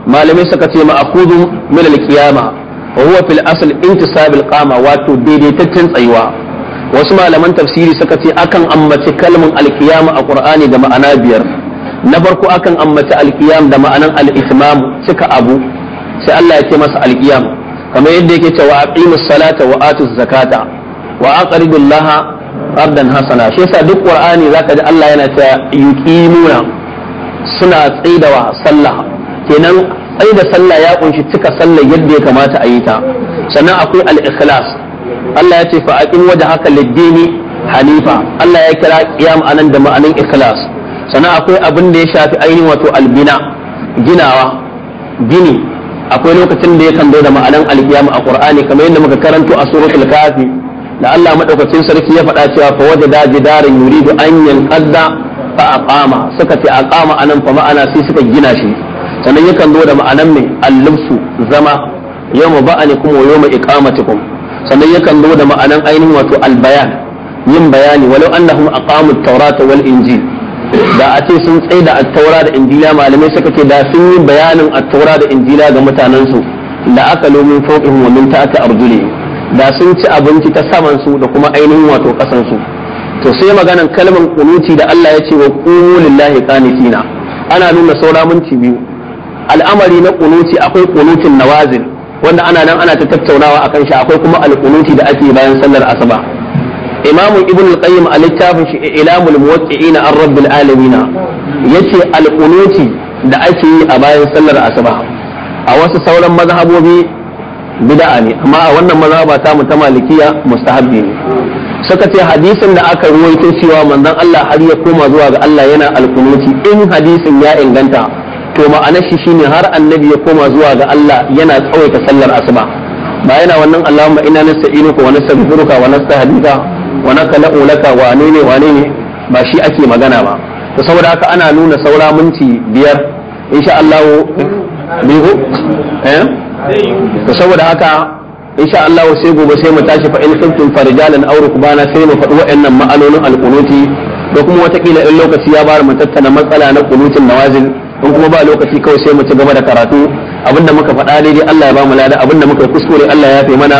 malamai suka ce aqudu min al-qiyama wa huwa fil asl intisab alqama wato daidaitaccen tsayuwa wasu malaman tafsiri suka ce akan ammaci kalman al-qiyama a qur'ani da ma'ana biyar na farko akan ammaci al-qiyam da ma'anan al-itmam cika abu sai Allah ya ce masa alqiyam kamar yadda yake cewa aqimus salata wa atuz zakata wa aqridul laha ardan hasana shi yasa duk za zaka ji Allah yana ta yuqimuna suna tsaidawa sallah kenan tsaida sallah ya kunshi cika sallah yadda ya kamata a yi ta sannan akwai al-ikhlas Allah ya ce fa aqim wajhaka haka dini hanifa Allah ya kira qiyam anan da ma'anin ikhlas sannan akwai abin da ya shafi ainihin wato albina ginawa gini akwai lokacin da yakan zo da ma'anan alkiyama a qur'ani kamar yadda muka karanto a suratul kafi da Allah madaukakin sarki ya faɗa cewa fa wajada jidaran yuridu an yanqadda fa aqama suka ce aqama anan fa ma'ana sai suka gina shi sannan ya zo da ma'anan mai allumsu zama yawma ba'anikum wa yawma iqamatikum sannan ya zo da ma'anan ainihin wato albayan yin bayani walau annahum aqamu at-taurata wal injil da a ce sun tsaye da attaura da injila malamai suka ce da sun yi bayanin attaura da injila ga mutanensu da aka lomin fauƙin wa min aka arzule da sun ci abinci ta saman su da kuma ainihin wato ƙasan su to sai maganan kalmar kunuti da Allah ya ce wa qumu lillahi qanitina ana nuna saura minti biyu al'amari na kunuti akwai kunutin nawazil wanda ana nan ana ta tattaunawa akan shi akwai kuma al-kunuti da ake bayan sallar asuba imamu ابن al على a littafin shi ilamul رب an rabbil alamin yace al da ake yi a bayan sallar asuba a wasu sauran mazhabobi bid'a ne amma a wannan mazhaba ta mu ta malikiya mustahabbi ne suka ce hadisin da aka ruwaito cewa manzon Allah har ya koma zuwa ga Allah yana al in hadisin ya inganta to ma'anar shi shine har annabi ya koma zuwa ga Allah yana tsawaita sallar asuba ba yana wannan Allahumma inna nasta'inuka wa nastaghfiruka wa nastahdiika wa naka wa ulaka wane ne wane ne ba shi ake magana ba to saboda haka ana nuna saura minti biyar insha Allah eh to saboda haka insha Allah sai gobe sai mu tashi fa in kuntum farijalan aw rukbana sai mu faɗi wa'annan ma'anonin qunuti da kuma watakila in lokaci ya bar mu tattana matsala na qunutin nawazil in kuma ba lokaci kawai sai mu ci gaba da karatu abinda muka faɗa daidai Allah ya ba mu lada abinda muka kuskure Allah ya fi mana